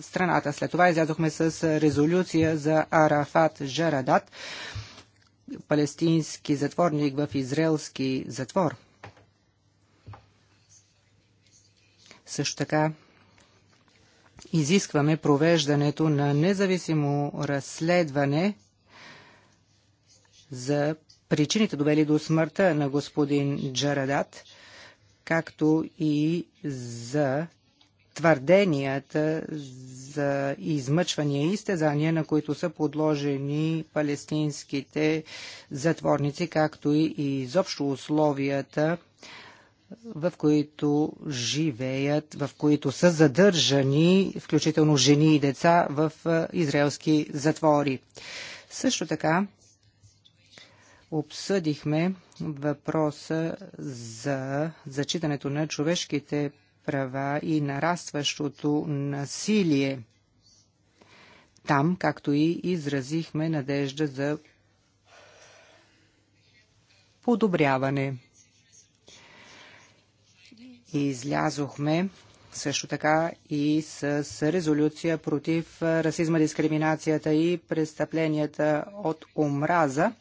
страната. След това излязохме с резолюция за Арафат Жарадат, палестински затворник в израелски затвор. Също така изискваме провеждането на независимо разследване за причините довели до смъртта на господин Джарадат, както и за твърденията за измъчвания и изтезания, на които са подложени палестинските затворници, както и изобщо условията, в които живеят, в които са задържани, включително жени и деца, в израелски затвори. Също така обсъдихме въпроса за зачитането на човешките права и нарастващото насилие. Там, както и изразихме надежда за подобряване. И излязохме също така и с резолюция против расизма, дискриминацията и престъпленията от омраза.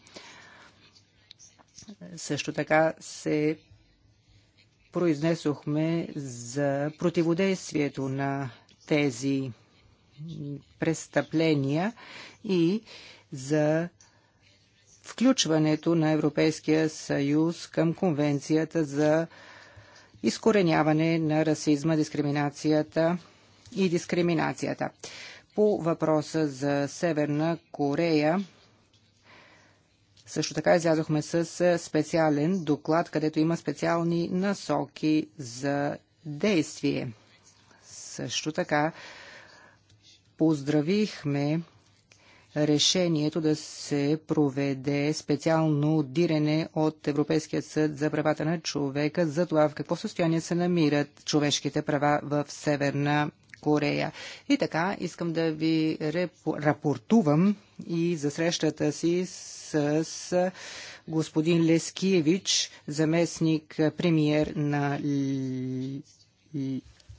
Също така се произнесохме за противодействието на тези престъпления и за включването на Европейския съюз към Конвенцията за изкореняване на расизма, дискриминацията и дискриминацията. По въпроса за Северна Корея също така излязохме с е, специален доклад, където има специални насоки за действие. Също така поздравихме решението да се проведе специално дирене от Европейския съд за правата на човека за това в какво състояние се намират човешките права в Северна Корея. И така, искам да ви рапортувам и за срещата си с, с господин Лескиевич, заместник премиер на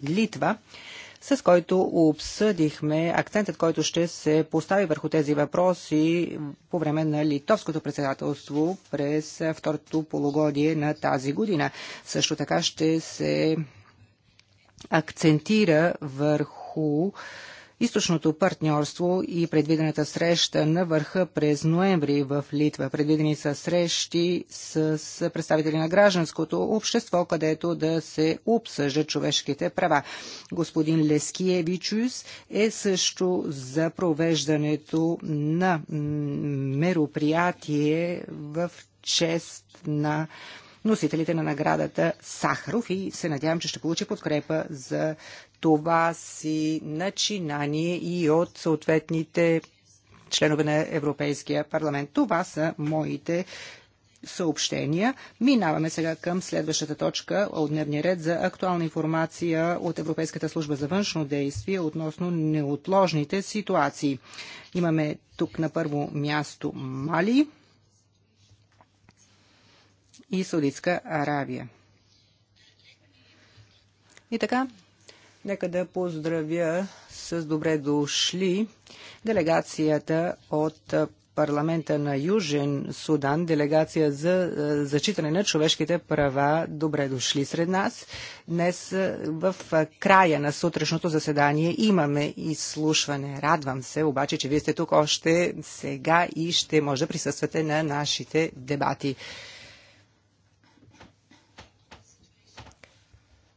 Литва с който обсъдихме акцентът, който ще се постави върху тези въпроси по време на литовското председателство през второто полугодие на тази година. Също така ще се акцентира върху източното партньорство и предвидената среща на върха през ноември в Литва. Предвидени са срещи с представители на гражданското общество, където да се обсъждат човешките права. Господин Лескиевичус е също за провеждането на мероприятие в чест на носителите на наградата Сахаров и се надявам, че ще получи подкрепа за това си начинание и от съответните членове на Европейския парламент. Това са моите съобщения. Минаваме сега към следващата точка от дневния ред за актуална информация от Европейската служба за външно действие относно неотложните ситуации. Имаме тук на първо място Мали и Саудитска Аравия. И така, нека да поздравя с добре дошли делегацията от парламента на Южен Судан, делегация за е, зачитане на човешките права. Добре дошли сред нас. Днес е, в края на сутрешното заседание имаме изслушване. Радвам се обаче, че вие сте тук още сега и ще може да присъствате на нашите дебати.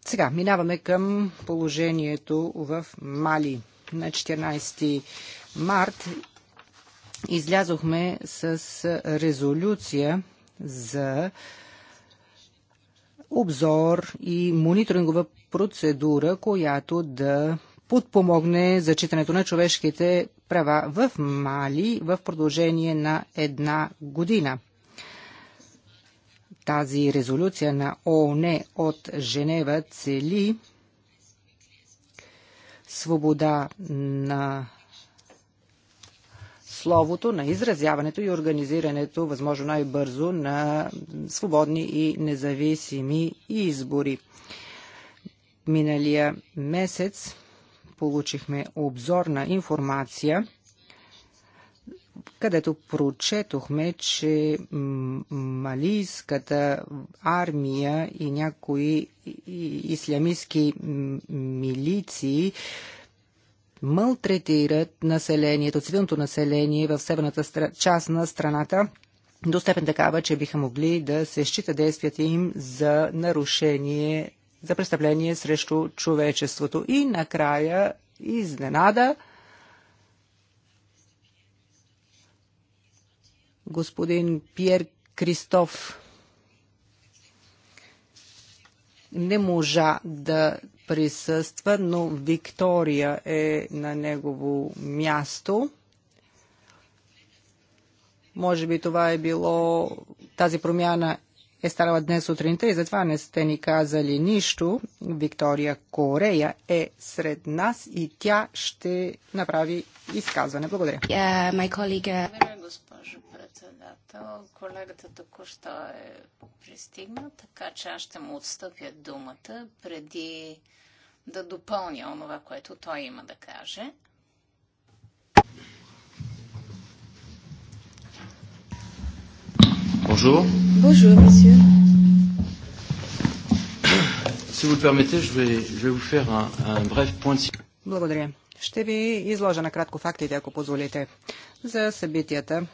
Сега минаваме към положението в Мали. На 14 март излязохме с резолюция за обзор и мониторингова процедура, която да подпомогне зачитането на човешките права в Мали в продължение на една година. Тази резолюция на ООН от Женева цели свобода на словото, на изразяването и организирането, възможно най-бързо, на свободни и независими избори. Миналия месец получихме обзорна информация където прочетохме, че малийската армия и някои ислямистски милиции мълтретират населението, цивилното население в северната част на страната до степен такава, че биха могли да се счита действията им за нарушение, за престъпление срещу човечеството. И накрая изненада – господин Пьер Кристоф не можа да присъства, но Виктория е на негово място. Може би това е било, тази промяна е станала днес сутринта и затова не сте ни казали нищо. Виктория Корея е сред нас и тя ще направи изказване. Благодаря. Yeah, председател. Колегата току-що е пристигна, така че аз ще му отстъпя думата преди да допълня онова, което той има да каже. Bonjour. Bonjour, monsieur. Si vous le permettez, je vais, je vais vous faire un, un bref point de... Благодаря. Ще ви изложа накратко фактите, ако позволите, за събитията,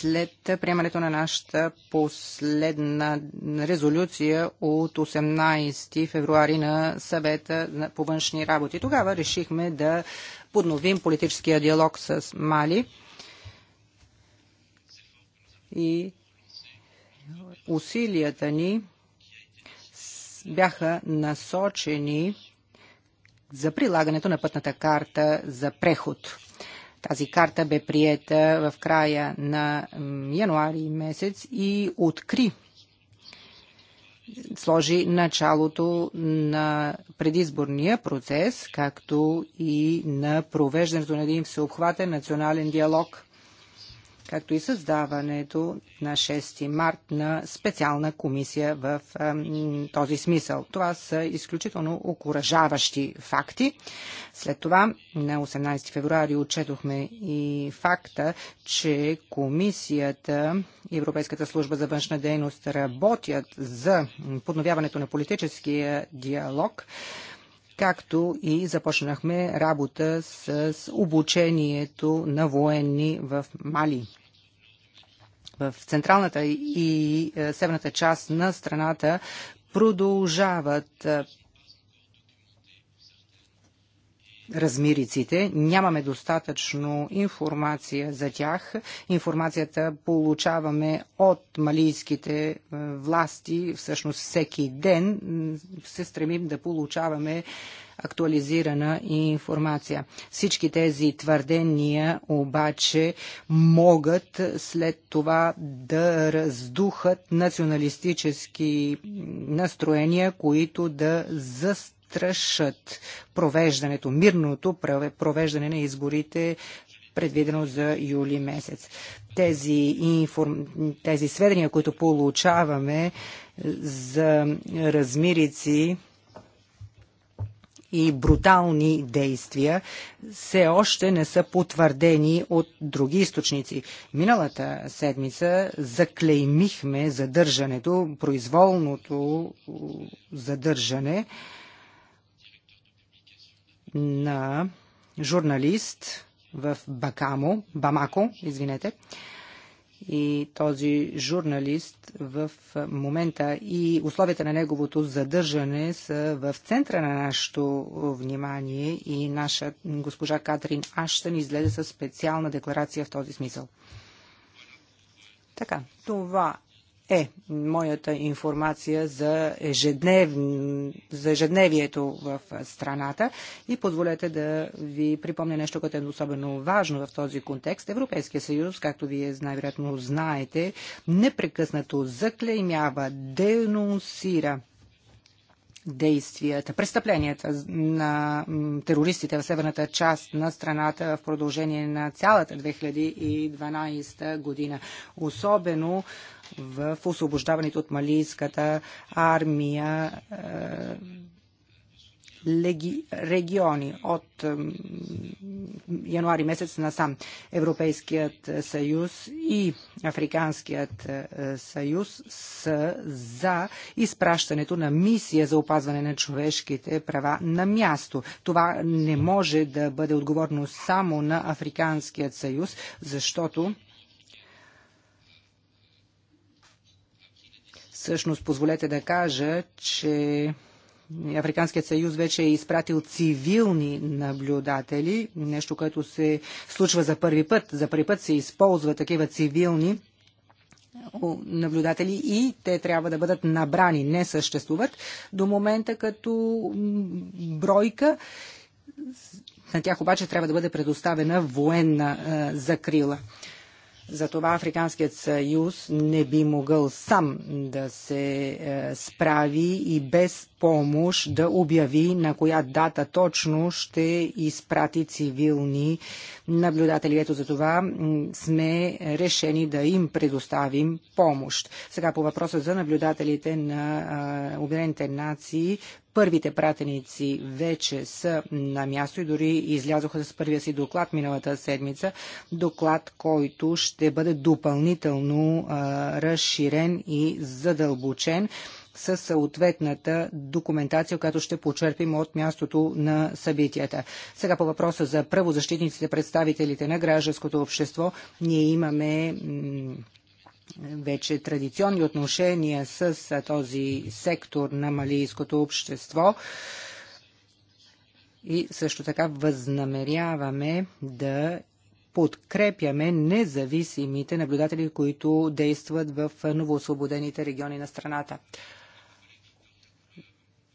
след приемането на нашата последна резолюция от 18 февруари на съвета по външни работи. Тогава решихме да подновим политическия диалог с Мали и усилията ни бяха насочени за прилагането на пътната карта за преход. Тази карта бе приета в края на януари месец и откри сложи началото на предизборния процес, както и на провеждането на един всеобхватен национален диалог както и създаването на 6 март на специална комисия в този смисъл. Това са изключително окоръжаващи факти. След това на 18 февруари отчетохме и факта, че комисията и Европейската служба за външна дейност работят за подновяването на политическия диалог както и започнахме работа с обучението на военни в Мали. В централната и е, северната част на страната продължават е, размириците, нямаме достатъчно информация за тях. Информацията получаваме от малийските е, власти, всъщност всеки ден се стремим да получаваме актуализирана информация. Всички тези твърдения обаче могат след това да раздухат националистически настроения, които да застъпят тръщат провеждането, мирното провеждане на изборите, предвидено за юли месец. Тези, информ... тези сведения, които получаваме за размирици, и брутални действия все още не са потвърдени от други източници. Миналата седмица заклеймихме задържането, произволното задържане на журналист в Бакамо, Бамако, извинете. И този журналист в момента и условията на неговото задържане са в центъра на нашето внимание и наша госпожа Катрин Аштън излезе със специална декларация в този смисъл. Така, това е моята информация за, ежеднев... за ежедневието в страната и позволете да ви припомня нещо, което е особено важно в този контекст. Европейския съюз, както вие най-вероятно знаете, непрекъснато заклеймява, денонсира действията, престъпленията на терористите в северната част на страната в продължение на цялата 2012 година. Особено в освобождаването от малийската армия е, леги, региони от януари месец насам. Европейският е, съюз и Африканският е, съюз са за изпращането на мисия за опазване на човешките права на място. Това не може да бъде отговорно само на Африканският съюз, защото Всъщност, позволете да кажа, че Африканският съюз вече е изпратил цивилни наблюдатели, нещо, което се случва за първи път. За първи път се използва такива цивилни наблюдатели и те трябва да бъдат набрани, не съществуват до момента като бройка. На тях обаче трябва да бъде предоставена военна закрила. Затова Африканският съюз не би могъл сам да се е, справи и без помощ да обяви на коя дата точно ще изпрати цивилни наблюдатели. Ето за това сме решени да им предоставим помощ. Сега по въпроса за наблюдателите на е, Обединените нации Първите пратеници вече са на място и дори излязоха с първия си доклад миналата седмица. Доклад, който ще бъде допълнително а, разширен и задълбочен със съответната документация, която ще почерпим от мястото на събитията. Сега по въпроса за правозащитниците, представителите на гражданското общество, ние имаме вече традиционни отношения с този сектор на малийското общество. И също така възнамеряваме да подкрепяме независимите наблюдатели, които действат в новоосвободените региони на страната.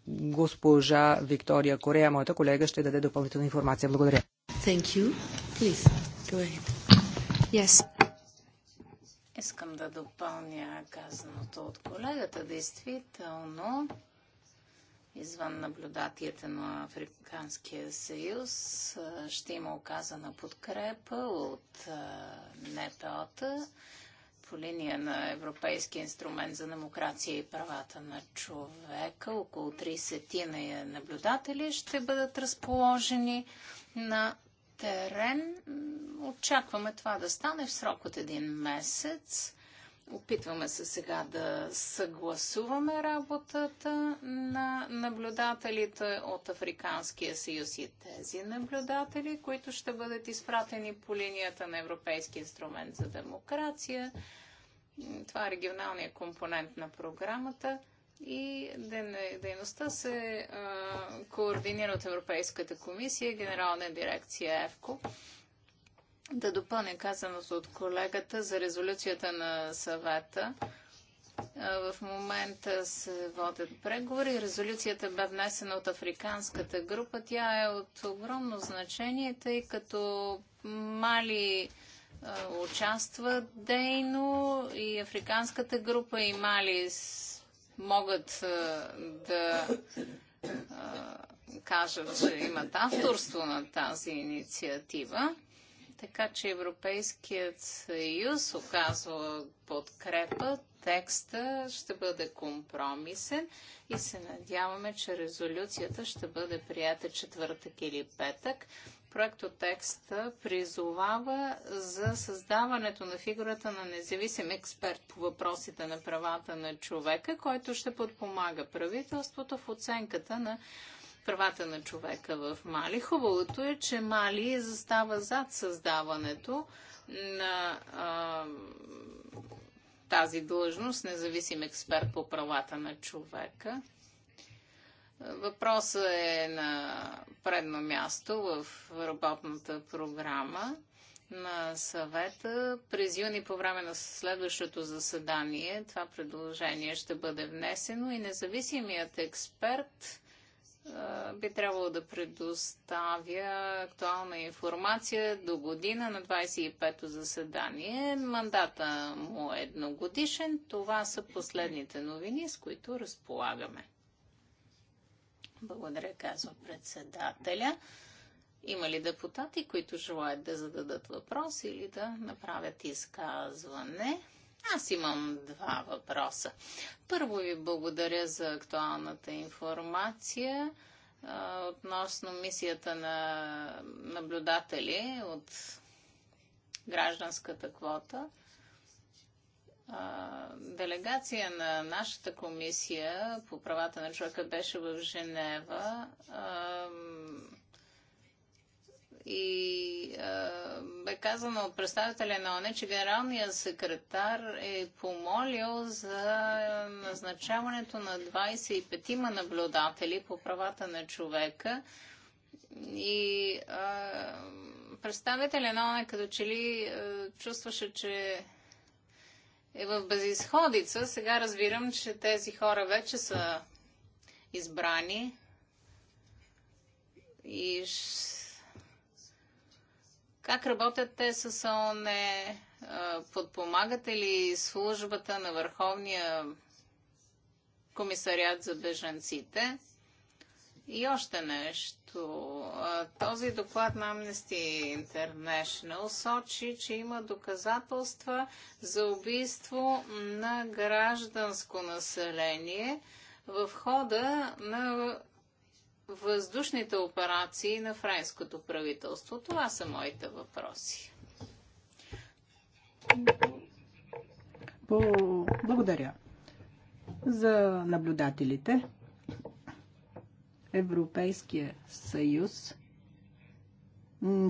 Госпожа Виктория Корея, моята колега, ще даде допълнителна информация. Благодаря. Thank you. Please, go ahead. Yes. Искам да допълня казаното от колегата. Действително, извън наблюдатията на Африканския съюз, ще има оказана подкрепа от НПО-та по линия на Европейския инструмент за демокрация и правата на човека. Около 30 наблюдатели ще бъдат разположени на терен. Очакваме това да стане в срок от един месец. Опитваме се сега да съгласуваме работата на наблюдателите от Африканския съюз и тези наблюдатели, които ще бъдат изпратени по линията на Европейски инструмент за демокрация. Това е регионалният компонент на програмата – и дейността се а, координира от Европейската комисия, Генерална дирекция ЕВКО. Да допълня казаното от колегата за резолюцията на съвета. В момента се водят преговори. Резолюцията бе внесена от африканската група. Тя е от огромно значение, тъй като Мали участва дейно и африканската група и Мали могат да кажат, че имат авторство на тази инициатива. Така че Европейският съюз оказва подкрепа, текста ще бъде компромисен и се надяваме, че резолюцията ще бъде прията четвъртък или петък проектотекста призовава за създаването на фигурата на независим експерт по въпросите на правата на човека, който ще подпомага правителството в оценката на правата на човека в Мали. Хубавото е, че Мали застава зад създаването на а, тази длъжност, независим експерт по правата на човека. Въпросът е на предно място в работната програма на съвета. През юни по време на следващото заседание това предложение ще бъде внесено и независимият експерт би трябвало да предоставя актуална информация до година на 25-то заседание. Мандата му е едногодишен. Това са последните новини, с които разполагаме. Благодаря, казва председателя. Има ли депутати, които желаят да зададат въпрос или да направят изказване? Аз имам два въпроса. Първо ви благодаря за актуалната информация относно мисията на наблюдатели от гражданската квота делегация на нашата комисия по правата на човека беше в Женева и бе казано от представителя на ОНЕ, че генералният секретар е помолил за назначаването на 25-ма наблюдатели по правата на човека и а, представителя на ОНЕ като че ли чувстваше, че е в безисходица. Сега разбирам, че тези хора вече са избрани и как работят те с ООН? Е, подпомагате ли службата на Върховния комисариат за бежанците? И още нещо. Този доклад на Amnesty International сочи, че има доказателства за убийство на гражданско население в хода на въздушните операции на френското правителство. Това са моите въпроси. Благодаря за наблюдателите. Европейския съюз,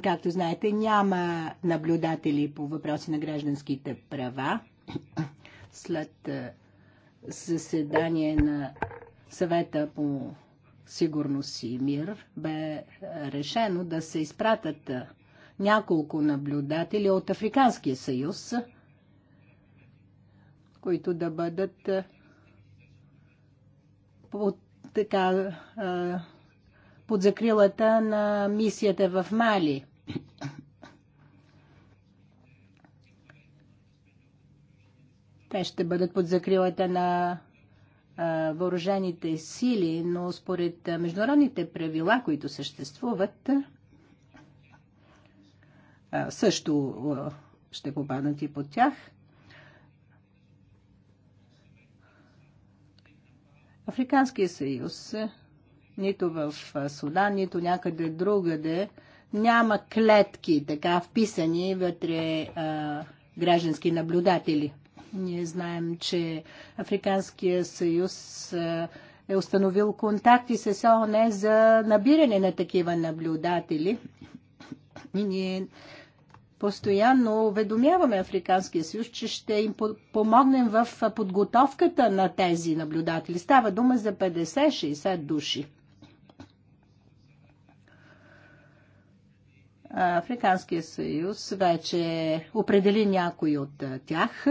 както знаете, няма наблюдатели по въпроси на гражданските права. След е, заседание на съвета по сигурност и мир бе решено да се изпратят е, няколко наблюдатели от Африканския съюз, които да бъдат е, под така под закрилата на мисията в Мали. Те ще бъдат под закрилата на въоръжените сили, но според международните правила, които съществуват, също ще попаднат и под тях – Африканския съюз, нито в Судан, нито някъде другаде, няма клетки, така вписани вътре а, граждански наблюдатели. Ние знаем, че Африканския съюз а, е установил контакти с ООН за набиране на такива наблюдатели. И ние Постоянно уведомяваме Африканския съюз, че ще им помогнем в подготовката на тези наблюдатели. Става дума за 50-60 души. Африканския съюз вече определи някой от тях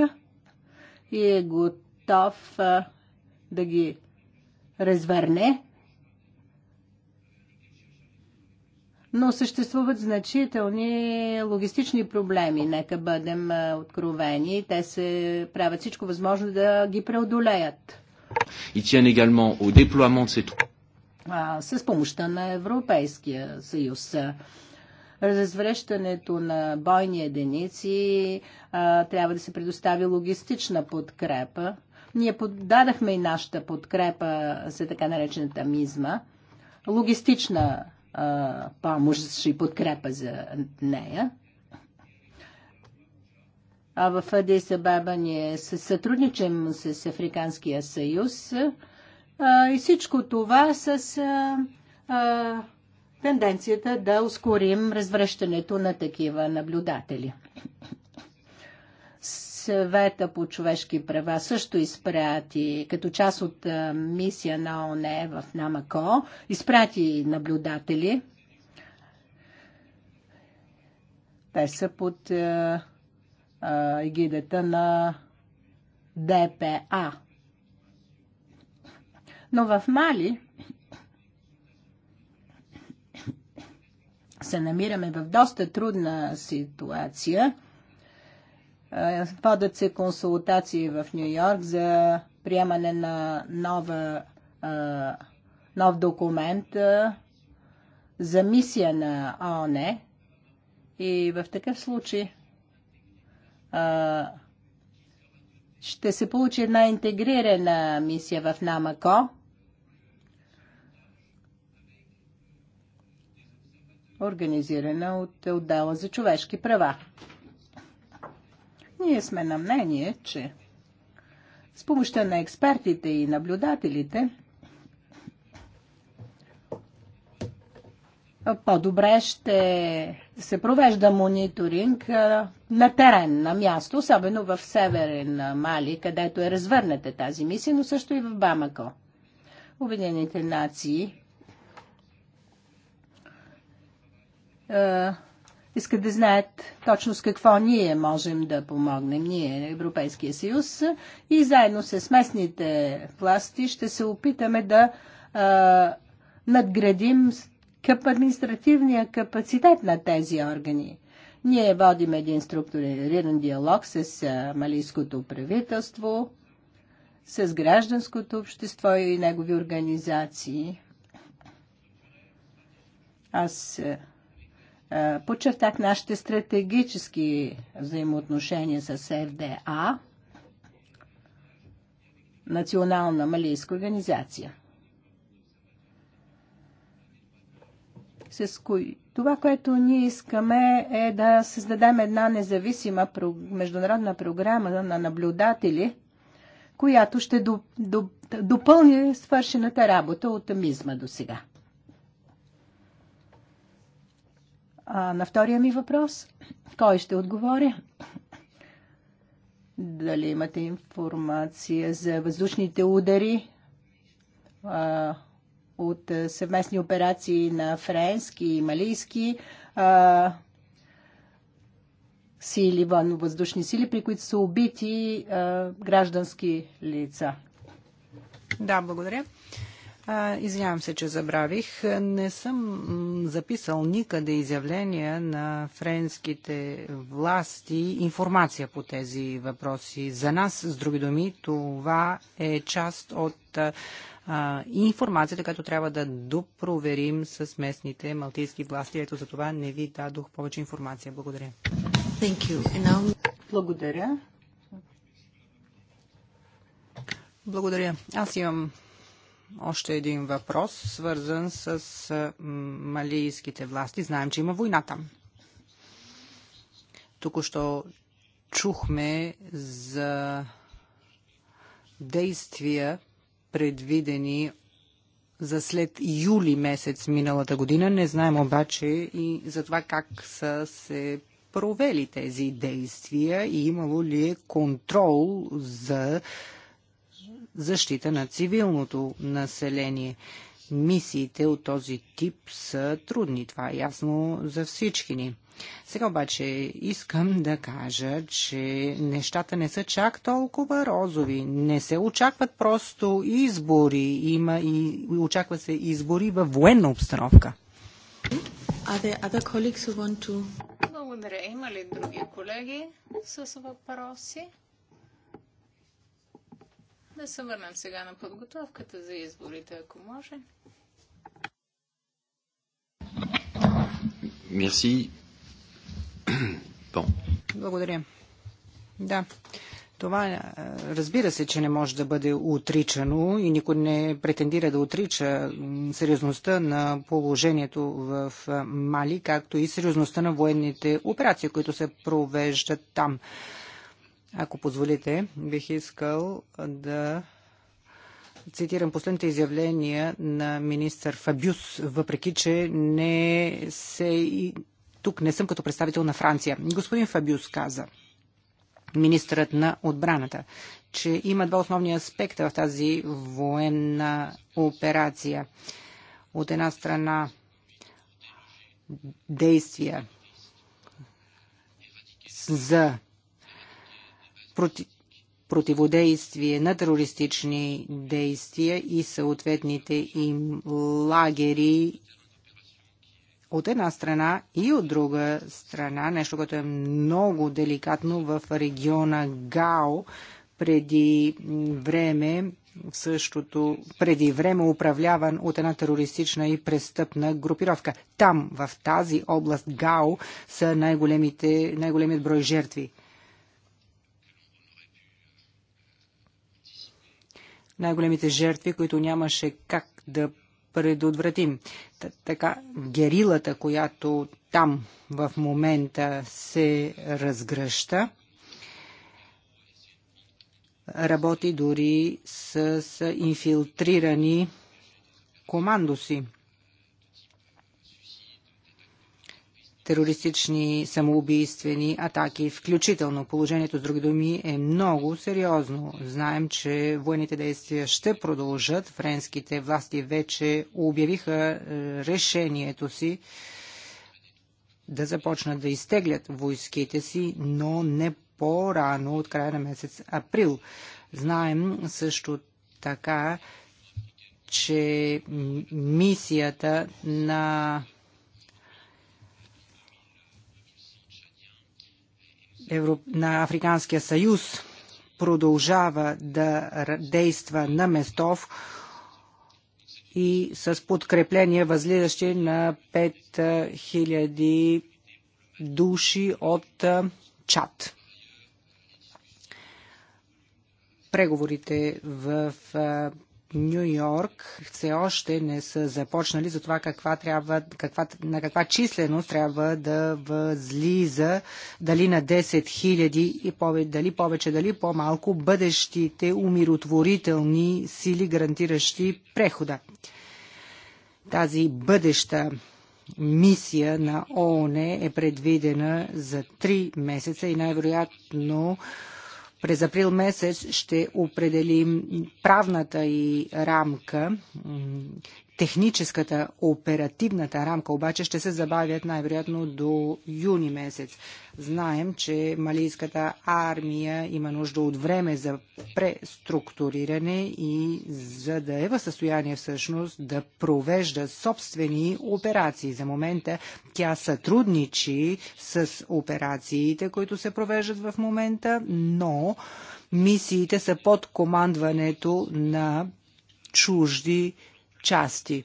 и е готов да ги развърне но съществуват значителни логистични проблеми, нека бъдем откровени. Те се правят всичко възможно да ги преодолеят. И тя également au déploiement de ces... С помощта на Европейския съюз. Развръщането на бойни единици а, трябва да се предостави логистична подкрепа. Ние подадахме и нашата подкрепа за така наречената мизма. Логистична подкрепа помощ и подкрепа за нея. А в Адис Абаба ние сътрудничим с Африканския съюз и всичко това с а, а, тенденцията да ускорим развръщането на такива наблюдатели. Съвета по човешки права също изпрати, като част от мисия на ОНЕ в Намако, изпрати наблюдатели. Те са под егидата на ДПА. Но в Мали се намираме в доста трудна ситуация – Подат е, се консултации в Нью Йорк за приемане на нова, е, нов документ е, за мисия на ООН. И в такъв случай ще се получи една интегрирана мисия в Намако. организирана от отдела за човешки права. Ние сме на мнение, че с помощта на експертите и наблюдателите по-добре ще се провежда мониторинг на терен, на място, особено в северен Мали, където е развърната тази мисия, но също и в Бамако. Обединените нации искат да знаят точно с какво ние можем да помогнем, ние, Европейския съюз, и заедно с местните власти ще се опитаме да а, надградим къп административния капацитет на тези органи. Ние водим един структуриран диалог с малийското правителство, с гражданското общество и негови организации. Аз е, подчертах нашите стратегически взаимоотношения с ФДА, Национална малийска организация. С кои... Това, което ние искаме е да създадем една независима международна програма на наблюдатели, която ще допълни свършената работа от мизма до сега. А на втория ми въпрос, кой ще отговоря? Дали имате информация за въздушните удари а, от съвместни операции на френски и малийски а, сили, въздушни сили, при които са убити а, граждански лица? Да, благодаря. Извинявам се, че забравих. Не съм записал никъде изявления на френските власти информация по тези въпроси. За нас, с други думи, това е част от информацията, която трябва да допроверим с местните малтийски власти. Ето за това не ви дадох повече информация. Благодаря. Now... Благодаря. Благодаря. Аз имам още един въпрос, свързан с малийските власти. Знаем, че има война там. Току-що чухме за действия, предвидени за след юли месец миналата година. Не знаем обаче и за това как са се провели тези действия и имало ли е контрол за защита на цивилното население. Мисиите от този тип са трудни, това е ясно за всички ни. Сега обаче искам да кажа, че нещата не са чак толкова розови. Не се очакват просто избори. Има и очаква се избори във военна обстановка. Благодаря. Има ли други колеги с въпроси? Да се върнем сега на подготовката за изборите, ако може. Мерси. Bon. Благодаря. Да. Това е, разбира се, че не може да бъде отричано и никой не претендира да отрича сериозността на положението в е, Мали, както и сериозността на военните операции, които се провеждат там. Ако позволите, бих искал да цитирам последните изявления на министър Фабюс, въпреки че не се... Тук не съм като представител на Франция. Господин Фабюс каза, министърът на отбраната, че има два основни аспекта в тази военна операция. От една страна действия за противодействие на терористични действия и съответните им лагери от една страна и от друга страна, нещо, което е много деликатно в региона Гао, преди време в същото, преди време управляван от една терористична и престъпна групировка. Там, в тази област Гао, са най-големите, най-големият брой жертви. най-големите жертви, които нямаше как да предотвратим. Т така, герилата, която там в момента се разгръща, работи дори с инфилтрирани командоси. терористични самоубийствени атаки, включително положението с други думи е много сериозно. Знаем, че военните действия ще продължат. Френските власти вече обявиха е, решението си да започнат да изтеглят войските си, но не по-рано от края на месец април. Знаем също така, че мисията на на Африканския съюз продължава да действа на местов и с подкрепление възлизащи на 5000 души от чат. Преговорите в Нью Йорк все още не са започнали за това каква трябва, каква, на каква численост трябва да възлиза, дали на 10 хиляди и пове, дали повече, дали по-малко бъдещите умиротворителни сили, гарантиращи прехода. Тази бъдеща мисия на ООН е предвидена за 3 месеца и най-вероятно през април месец ще определим правната и рамка, техническата, оперативната рамка обаче ще се забавят най-вероятно до юни месец. Знаем, че малийската армия има нужда от време за преструктуриране и за да е в състояние всъщност да провежда собствени операции. За момента тя сътрудничи с операциите, които се провеждат в момента, но мисиите са под командването на чужди части.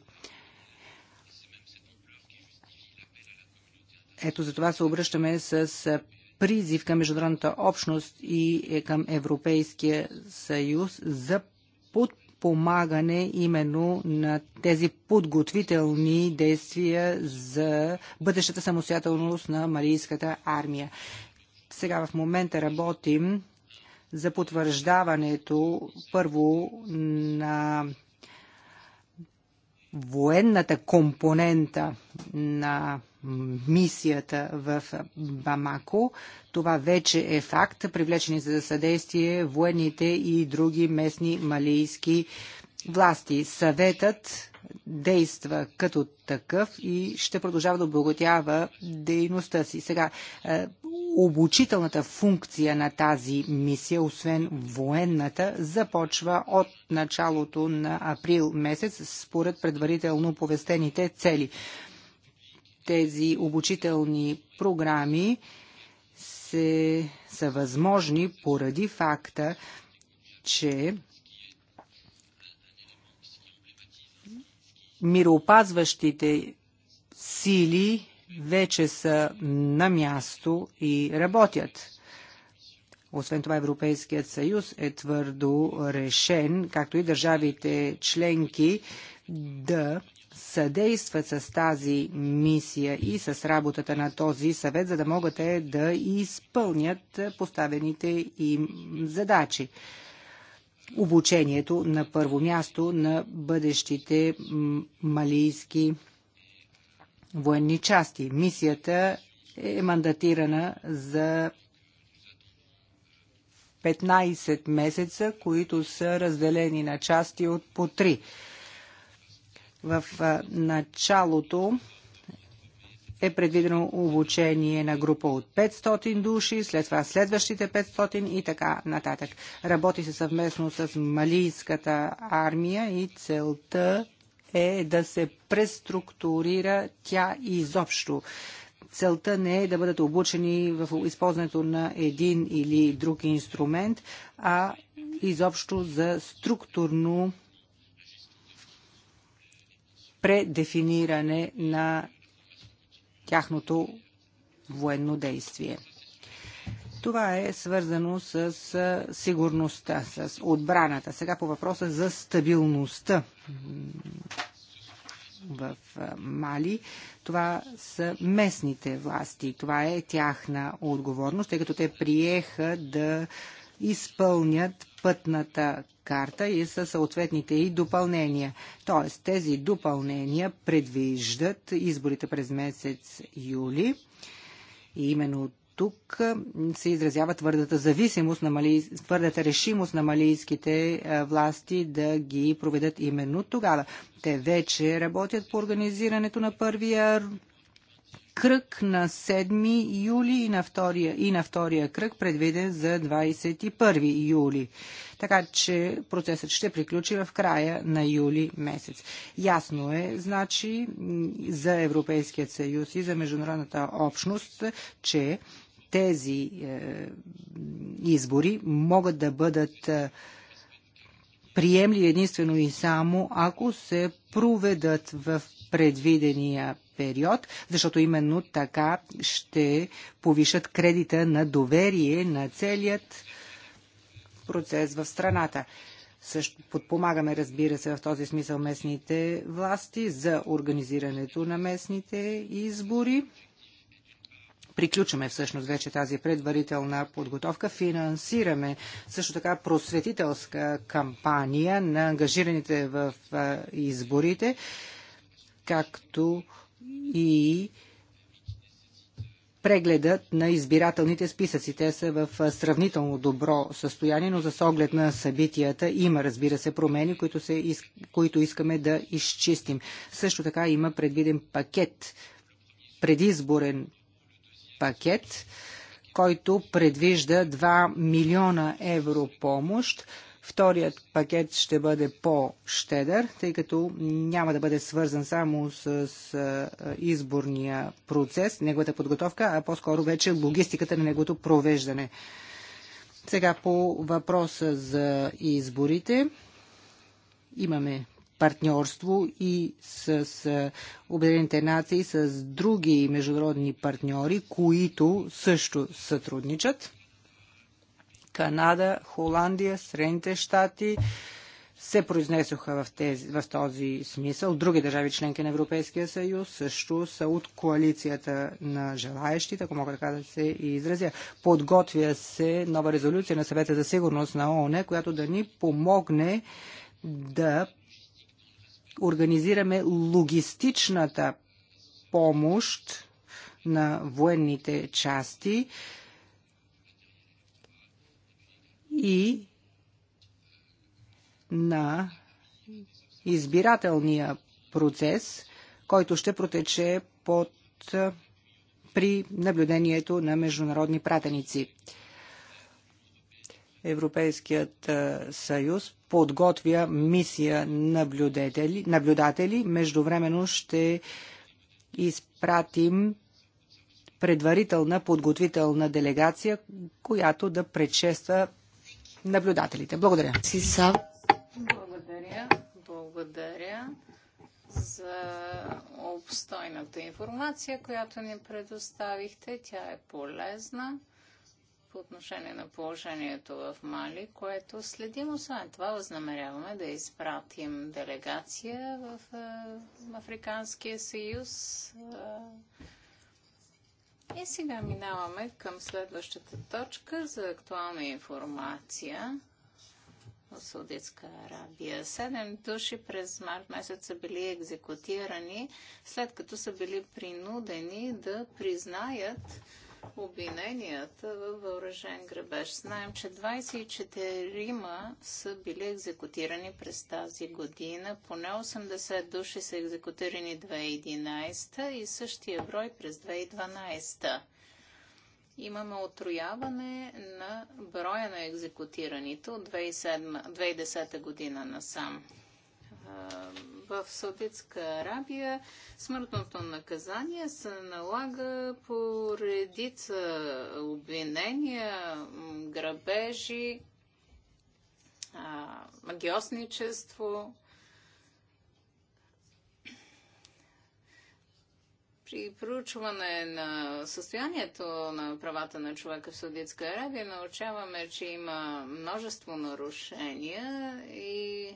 Ето за това се обръщаме с призив към международната общност и е, към Европейския съюз за подпомагане именно на тези подготвителни действия за бъдещата самостоятелност на Марийската армия. Сега в момента работим за потвърждаването първо на военната компонента на мисията в Бамако. Това вече е факт. Привлечени за съдействие военните и други местни малийски власти. Съветът действа като такъв и ще продължава да обогатява дейността си. Сега, е, обучителната функция на тази мисия, освен военната, започва от началото на април месец, според предварително повестените цели. Тези обучителни програми се, са възможни поради факта, че мироопазващите сили вече са на място и работят. Освен това Европейският съюз е твърдо решен, както и държавите членки, да съдействат с тази мисия и с работата на този съвет, за да могат е да изпълнят поставените им задачи. Обучението на първо място на бъдещите малийски военни части. Мисията е мандатирана за 15 месеца, които са разделени на части от по 3. В началото е предвидено обучение на група от 500 души, след това следващите 500 и така нататък. Работи се съвместно с малийската армия и целта е да се преструктурира тя изобщо. Целта не е да бъдат обучени в използването на един или друг инструмент, а изобщо за структурно предефиниране на тяхното военно действие. Това е свързано с сигурността, с отбраната. Сега по въпроса за стабилността в Мали. Това са местните власти. Това е тяхна отговорност, тъй като те приеха да изпълнят пътната карта и са съответните и допълнения. Тоест, тези допълнения предвиждат изборите през месец юли. И именно тук се изразява твърдата зависимост на мали... твърдата решимост на малийските власти да ги проведат именно тогава. Те вече работят по организирането на първия кръг на 7 юли и на втория, и на втория кръг, предвиден за 21 юли. Така че процесът ще приключи в края на юли месец. Ясно е, значи, за Европейският съюз и за международната общност, че тези е, избори могат да бъдат е, приемли единствено и само ако се проведат в предвидения период, защото именно така ще повишат кредита на доверие на целият процес в страната. Също подпомагаме, разбира се, в този смисъл местните власти за организирането на местните избори приключваме всъщност вече тази предварителна подготовка. Финансираме също така просветителска кампания на ангажираните в изборите, както и прегледът на избирателните списъци. Те са в сравнително добро състояние, но за оглед на събитията има, разбира се, промени, които, се, които искаме да изчистим. Също така има предвиден пакет предизборен пакет, който предвижда 2 милиона евро помощ. Вторият пакет ще бъде по-щедър, тъй като няма да бъде свързан само с, с изборния процес, неговата подготовка, а по-скоро вече логистиката на неговото провеждане. Сега по въпроса за изборите. Имаме партньорство и с Обединените нации, с други международни партньори, които също сътрудничат. Канада, Холандия, Средните щати се произнесоха в, тези, в този смисъл. Други държави членки на Европейския съюз също са от коалицията на желаящите, ако мога така да се изразя. Подготвя се нова резолюция на съвета за сигурност на ООН, която да ни помогне да организираме логистичната помощ на военните части и на избирателния процес, който ще протече под, при наблюдението на международни пратеници. Европейският съюз подготвя мисия наблюдатели. наблюдатели. Междувременно ще изпратим предварителна подготвителна делегация, която да предшества наблюдателите. Благодаря. Благодаря. Благодаря за обстойната информация, която ни предоставихте. Тя е полезна по отношение на положението в Мали, което следим. Освен това, възнамеряваме да изпратим делегация в, в Африканския съюз. И сега минаваме към следващата точка за актуална информация. Саудитска Арабия. Седем души през март месец са били екзекутирани, след като са били принудени да признаят обвиненията във въоръжен грабеж. Знаем, че 24-ма са били екзекутирани през тази година, поне 80 души са екзекутирани 2011 и същия брой през 2012. Имаме отрояване на броя на екзекутираните от 2010 година насам в Саудитска Арабия смъртното наказание се налага по редица обвинения, грабежи, магиосничество. При проучване на състоянието на правата на човека в Саудитска Арабия научаваме, че има множество нарушения и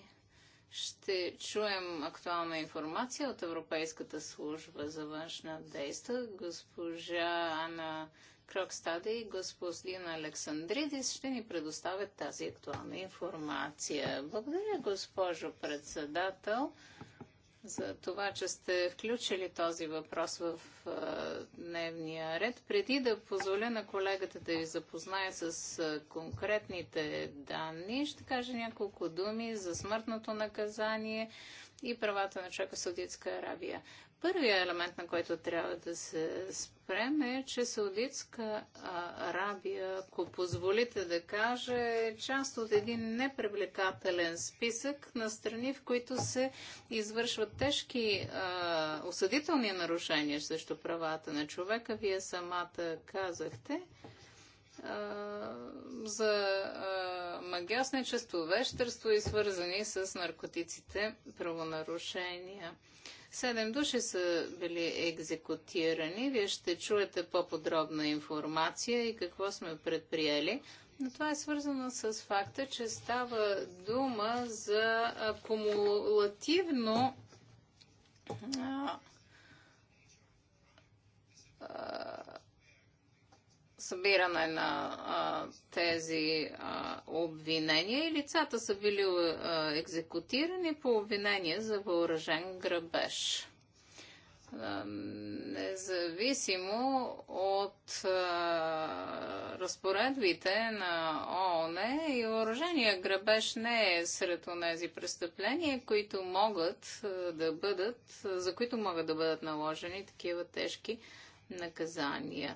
ще чуем актуална информация от Европейската служба за външна действа. Госпожа Ана Крокстади и господин Александридис ще ни предоставят тази актуална информация. Благодаря, госпожо председател за това, че сте включили този въпрос в дневния ред. Преди да позволя на колегата да ви запознае с конкретните данни, ще кажа няколко думи за смъртното наказание и правата на човека в Саудитска Арабия. Първият елемент, на който трябва да се спрем е, че Саудитска Арабия, ако позволите да каже, е част от един непривлекателен списък на страни, в които се извършват тежки а, осъдителни нарушения срещу правата на човека. Вие самата казахте за магиосничество, вещерство и свързани с наркотиците правонарушения. Седем души са били екзекутирани. Вие ще чуете по-подробна информация и какво сме предприели. Но това е свързано с факта, че става дума за кумулативно а, а, събиране на а, тези а, обвинения и лицата са били а, екзекутирани по обвинение за въоръжен грабеж. А, независимо от а, разпоредбите на ООН и въоръжения грабеж не е сред тези престъпления, които могат да бъдат, за които могат да бъдат наложени такива тежки наказания.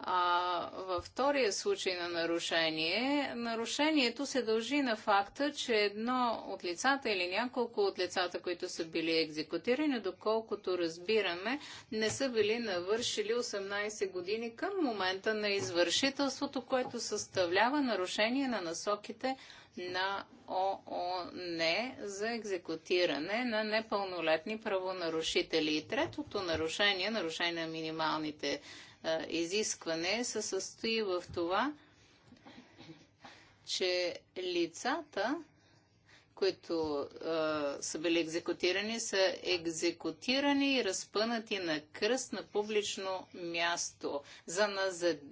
А във втория случай на нарушение, нарушението се дължи на факта, че едно от лицата или няколко от лицата, които са били екзекутирани, доколкото разбираме, не са били навършили 18 години към момента на извършителството, което съставлява нарушение на насоките на ООН за екзекутиране на непълнолетни правонарушители. И третото нарушение, нарушение на минималните изискване се състои в това, че лицата, които а, са били екзекутирани, са екзекутирани и разпънати на кръст на публично място за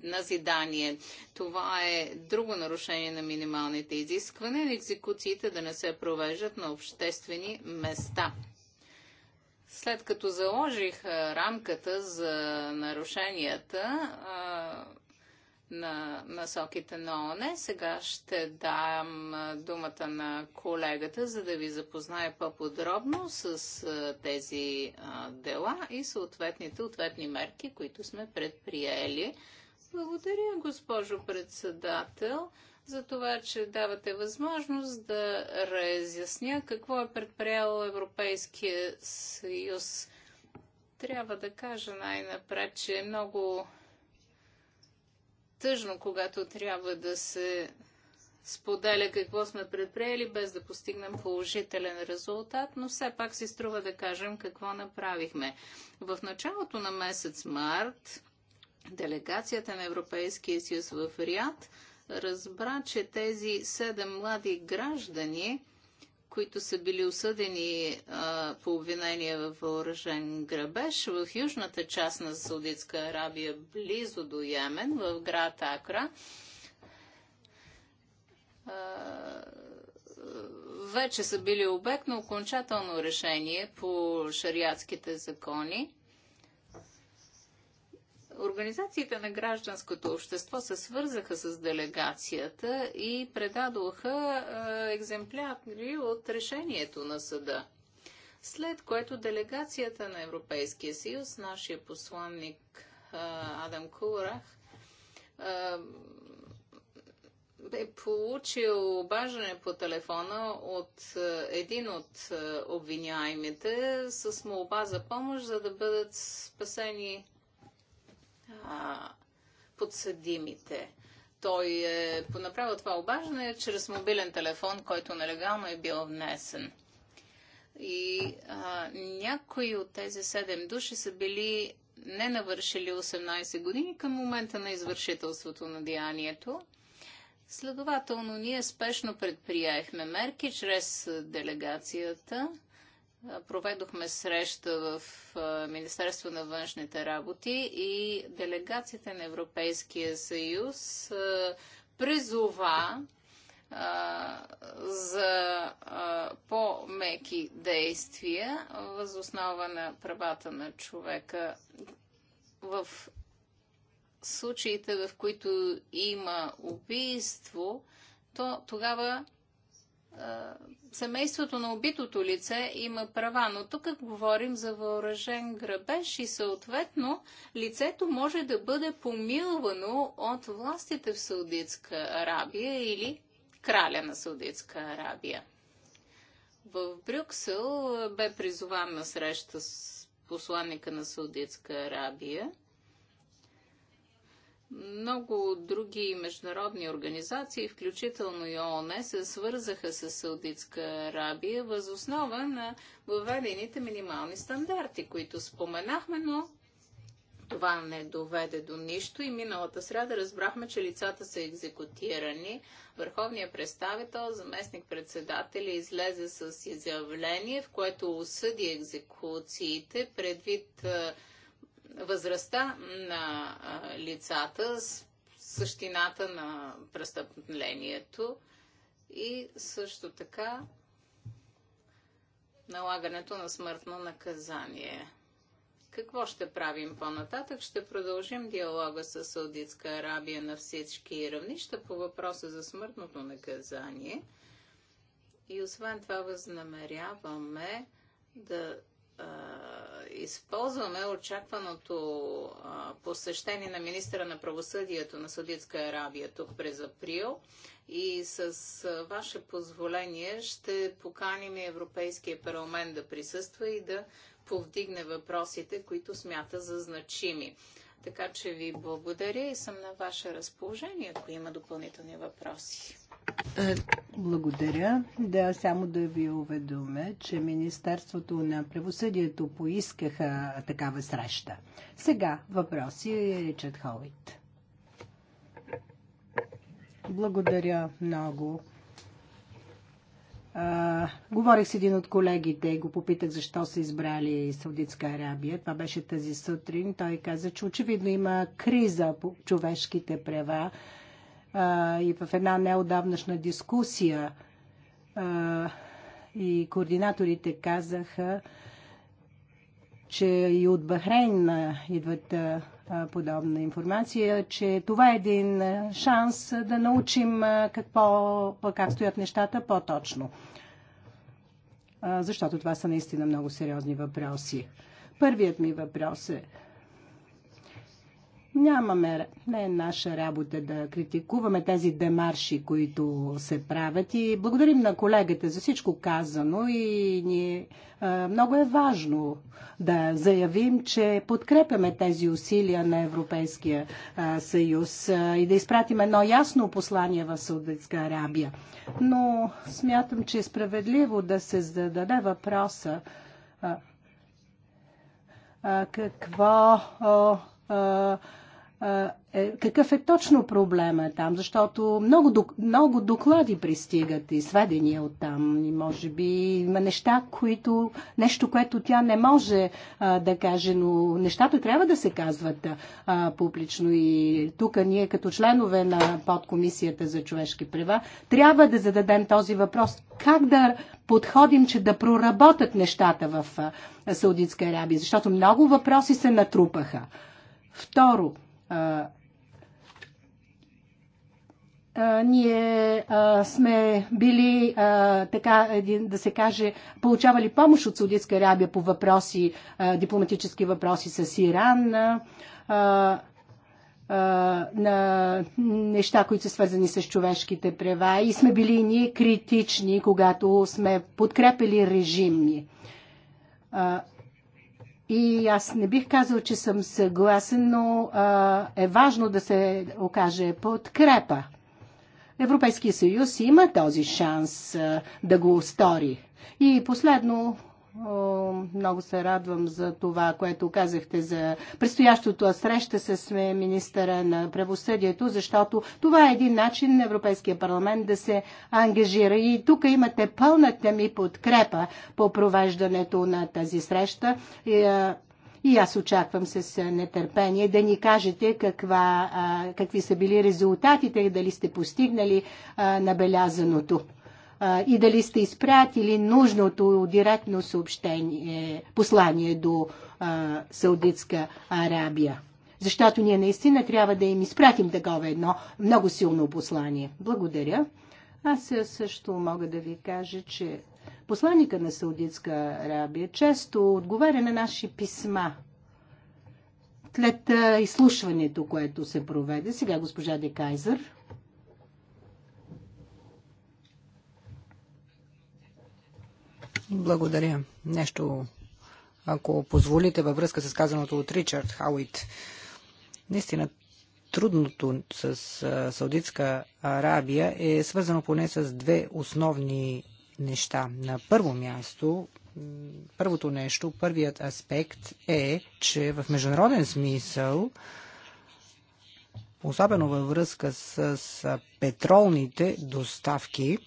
назидание. Това е друго нарушение на минималните изисквания екзекуциите да не се провеждат на обществени места. След като заложих рамката за нарушенията на насоките на ООН, сега ще дам думата на колегата, за да ви запознае по-подробно с тези дела и съответните ответни мерки, които сме предприели. Благодаря, госпожо председател за това, че давате възможност да разясня какво е предприял Европейския съюз. Трябва да кажа най-напред, че е много тъжно, когато трябва да се споделя какво сме предприели, без да постигнем положителен резултат, но все пак си струва да кажем какво направихме. В началото на месец март делегацията на Европейския съюз в Риад – разбра, че тези седем млади граждани, които са били осъдени а, по обвинение в въоръжен грабеж в южната част на Саудитска Арабия, близо до Йемен, в град Акра, а, вече са били обект на окончателно решение по шариатските закони Организациите на гражданското общество се свързаха с делегацията и предадоха екземпляри от решението на съда. След което делегацията на Европейския съюз, нашия посланник Адам Курах, е получил обаждане по телефона от един от обвиняемите с молба за помощ, за да бъдат спасени а, подсъдимите. Той е понаправил това обаждане чрез мобилен телефон, който нелегално е бил внесен. И а, някои от тези седем души са били не навършили 18 години към момента на извършителството на деянието. Следователно, ние спешно предприехме мерки чрез делегацията проведохме среща в Министерство на външните работи и делегацията на Европейския съюз призова за по-меки действия възоснова на правата на човека в случаите, в които има убийство, то тогава семейството на убитото лице има права, но тук говорим за въоръжен грабеж и съответно лицето може да бъде помилвано от властите в Саудитска Арабия или краля на Саудитска Арабия. В Брюксел бе призован на среща с посланника на Саудитска Арабия – много други международни организации, включително и ООН, се свързаха с Саудитска Арабия възоснова на въведените минимални стандарти, които споменахме, но това не доведе до нищо и миналата среда разбрахме, че лицата са екзекутирани. Върховният представител, заместник председателя, излезе с изявление, в което осъди екзекуциите предвид е, възрастта на лицата, същината на престъплението и също така налагането на смъртно наказание. Какво ще правим по-нататък? Ще продължим диалога с Саудитска Арабия на всички равнища по въпроса за смъртното наказание. И освен това възнамеряваме да а, използваме очакваното а, посещение на министра на правосъдието на Саудитска Арабия тук през април и с а, ваше позволение ще поканим Европейския парламент да присъства и да повдигне въпросите, които смята за значими. Така че ви благодаря и съм на ваше разположение, ако има допълнителни въпроси. Е, благодаря. Да, само да ви уведомя, че Министерството на правосъдието поискаха такава среща. Сега въпроси е Ричард Холит. Благодаря много. А, говорих с един от колегите и го попитах защо са избрали Саудитска Арабия. Това беше тази сутрин. Той каза, че очевидно има криза по човешките права и в една неодавнашна дискусия и координаторите казаха, че и от Бахрейн идват подобна информация, че това е един шанс да научим какво, как стоят нещата по-точно. Защото това са наистина много сериозни въпроси. Първият ми въпрос е Нямаме, не е наша работа да критикуваме тези демарши, които се правят и благодарим на колегите за всичко казано и ни, е, много е важно да заявим, че подкрепяме тези усилия на Европейския е, съюз е, и да изпратим едно ясно послание в Саудитска Арабия. Но смятам, че е справедливо да се зададе въпроса а, е, а, какво а, а, е, какъв е точно проблема там, защото много, много доклади пристигат и сведения от там. И може би има неща, които, нещо, което тя не може а, да каже, но нещата трябва да се казват а, публично. И тук ние, като членове на подкомисията за човешки права, трябва да зададем този въпрос. Как да подходим, че да проработят нещата в а, Саудитска Арабия? Защото много въпроси се натрупаха. Второ, ние а, сме били, а, така един, да се каже, получавали помощ от Саудитска Арабия по въпроси, а, дипломатически въпроси с Иран. А, на неща, които са свързани с човешките права и сме били ние критични, когато сме подкрепили режими. И аз не бих казал, че съм съгласен, но а, е важно да се окаже подкрепа. Европейския съюз има този шанс а, да го стори. И последно, много се радвам за това, което казахте за предстоящото среща с е, министъра на правосъдието, защото това е един начин на Европейския парламент да се ангажира. И тук имате пълната ми подкрепа по провеждането на тази среща. И е, аз очаквам с е, нетърпение да ни кажете каква, какви са били резултатите и дали сте постигнали набелязаното и дали сте изпратили нужното директно съобщение, послание до а, Саудитска Арабия. Защото ние наистина трябва да им изпратим такова едно много силно послание. Благодаря. Аз също мога да ви кажа, че посланника на Саудитска Арабия често отговаря на наши писма. След изслушването, което се проведе, сега госпожа Декайзър Благодаря. Нещо, ако позволите, във връзка с казаното от Ричард Хауит. Наистина, трудното с Саудитска Арабия е свързано поне с две основни неща. На първо място, първото нещо, първият аспект е, че в международен смисъл, особено във връзка с петролните доставки,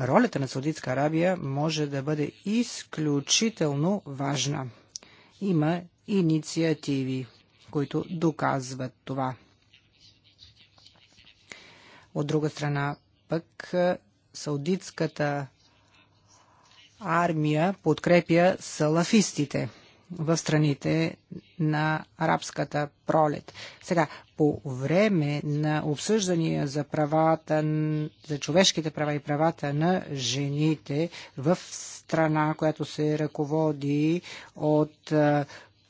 ролята на Саудитска Арабия може да бъде изключително важна. Има инициативи, които доказват това. От друга страна, пък Саудитската армия подкрепя салафистите – в страните на арабската пролет. Сега, по време на обсъждания за правата, за човешките права и правата на жените в страна, която се ръководи от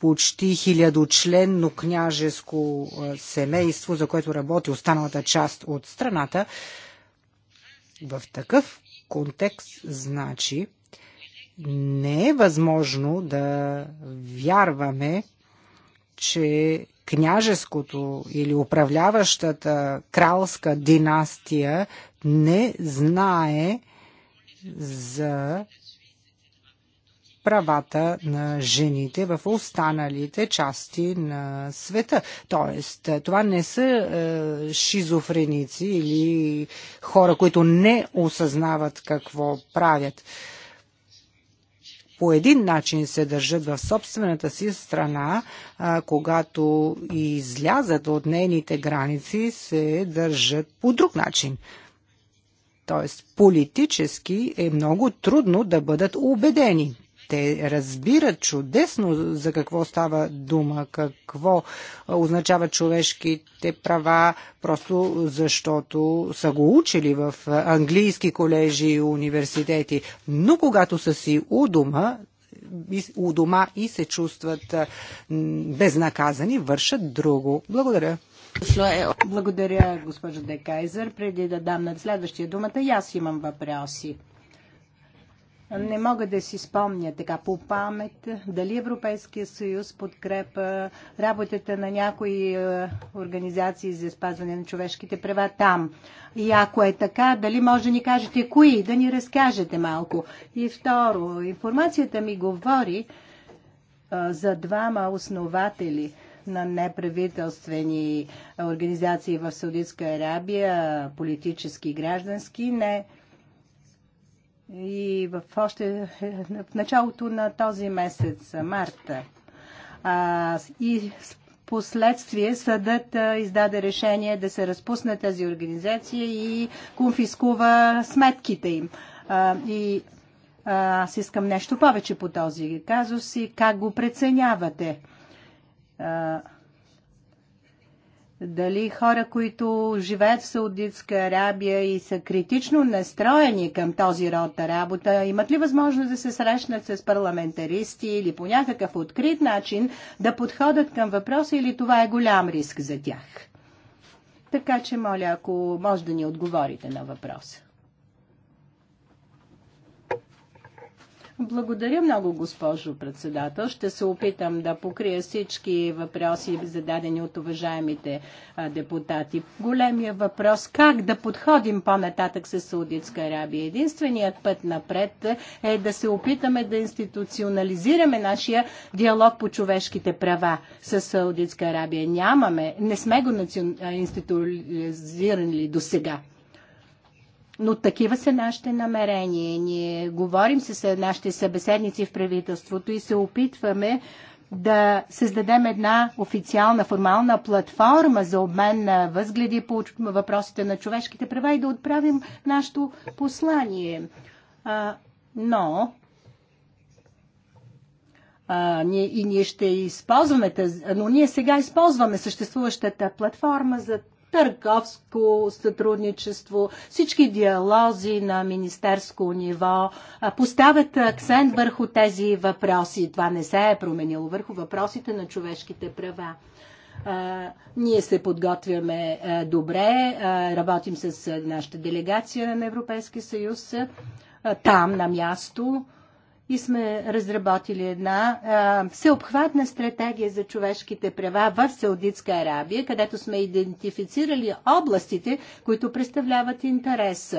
почти хилядочленно княжеско семейство, за което работи останалата част от страната, в такъв контекст значи, не е възможно да вярваме, че княжеското или управляващата кралска династия не знае за правата на жените в останалите части на света. Тоест, това не са е, шизофреници или хора, които не осъзнават какво правят по един начин се държат в собствената си страна, а когато излязат от нейните граници, се държат по друг начин. Тоест, политически е много трудно да бъдат убедени те разбират чудесно за какво става дума, какво означава човешките права, просто защото са го учили в английски колежи и университети. Но когато са си у дома, у дома и се чувстват безнаказани, вършат друго. Благодаря. Благодаря, госпожо Декайзер. Преди да дам на следващия думата, и аз имам въпроси. Не мога да си спомня така по памет дали Европейския съюз подкрепа работата на някои е, организации за спазване на човешките права там. И ако е така, дали може да ни кажете кои, да ни разкажете малко. И второ, информацията ми говори е, за двама основатели на неправителствени организации в Саудитска Арабия, политически и граждански, не и в още в началото на този месец, марта. А, и последствие съдът а, издаде решение да се разпусне тази организация и конфискува сметките им. А, и а, аз искам нещо повече по този казус и как го преценявате. А, дали хора, които живеят в Саудитска Арабия и са критично настроени към този род работа, имат ли възможност да се срещнат с парламентаристи или по някакъв открит начин да подходят към въпроса или това е голям риск за тях? Така че, моля, ако може да ни отговорите на въпроса. Благодаря много, госпожо председател. Ще се опитам да покрия всички въпроси, зададени от уважаемите депутати. Големия въпрос как да подходим по-нататък с Саудитска Арабия. Единственият път напред е да се опитаме да институционализираме нашия диалог по човешките права с Саудитска Арабия. Нямаме, не сме го институционализирали до сега. Но такива са нашите намерения. Ние говорим с нашите събеседници в правителството и се опитваме да създадем една официална, формална платформа за обмен на възгледи по въпросите на човешките права и да отправим нашето послание. А, но а, ние, и ние ще използваме, тази, но ние сега използваме съществуващата платформа за търговско сътрудничество, всички диалози на министерско ниво поставят акцент върху тези въпроси. Това не се е променило върху въпросите на човешките права. ние се подготвяме добре, работим с нашата делегация на Европейския съюз там на място и сме разработили една а, всеобхватна стратегия за човешките права в Саудитска Арабия, където сме идентифицирали областите, които представляват интерес.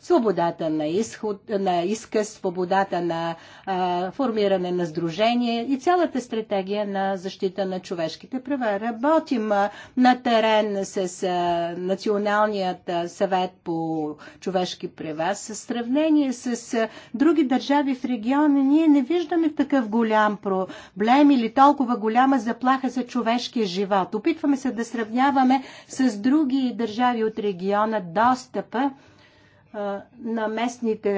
Свободата на, изход, на изказ, свободата на а, формиране на сдружение и цялата стратегия на защита на човешките права. Работим а, на терен с а, Националният а, съвет по човешки права, с сравнение с а, други държави в региона, казваме, ние не виждаме такъв голям проблем или толкова голяма заплаха за човешкия живот. Опитваме се да сравняваме с други държави от региона достъпа на местните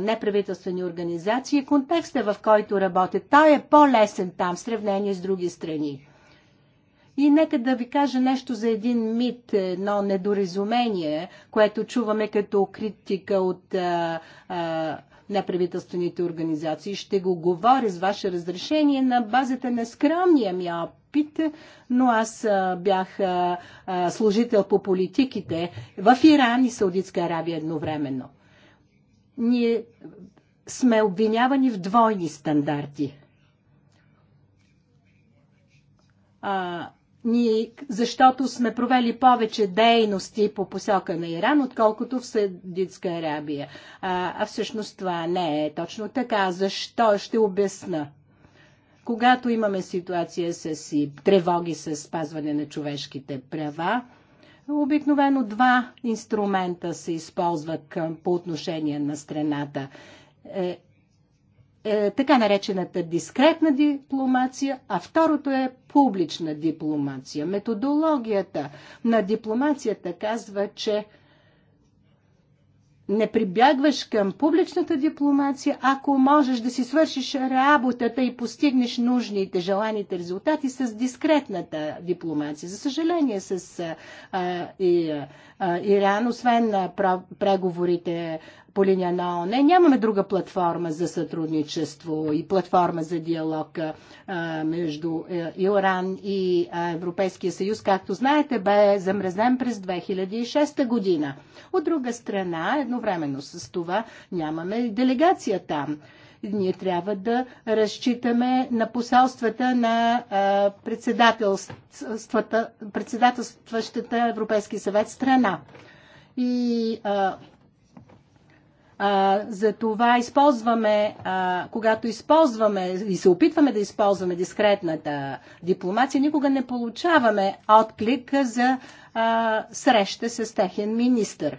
неправителствени организации, и контекста в който работят. Той е по-лесен там в сравнение с други страни. И нека да ви кажа нещо за един мит, едно недоразумение, което чуваме като критика от а, а, неправителствените организации. Ще го говоря с ваше разрешение на базата на скромния ми опит, но аз бях служител по политиките в Иран и Саудитска Арабия едновременно. Ние сме обвинявани в двойни стандарти. А, ние, защото сме провели повече дейности по посока на Иран, отколкото в Съдитска Арабия. А, а всъщност това не е точно така. Защо? Ще обясна. Когато имаме ситуация с си, тревоги с спазване на човешките права, обикновено два инструмента се използват към, по отношение на страната. Е, е така наречената дискретна дипломация, а второто е публична дипломация. Методологията на дипломацията казва, че не прибягваш към публичната дипломация, ако можеш да си свършиш работата и постигнеш нужните, желаните резултати с дискретната дипломация. За съжаление, с а, и, а, Иран, освен на преговорите по линия на ООН. Нямаме друга платформа за сътрудничество и платформа за диалог а, между е, Иран и Европейския съюз, както знаете, бе замразен през 2006 година. От друга страна, едновременно с това нямаме делегация там ние трябва да разчитаме на посолствата на председателствата, председателстващата Европейски съвет страна. И а, а, за това използваме, а, когато използваме и се опитваме да използваме дискретната дипломация, никога не получаваме отклик за а, среща с техен министр.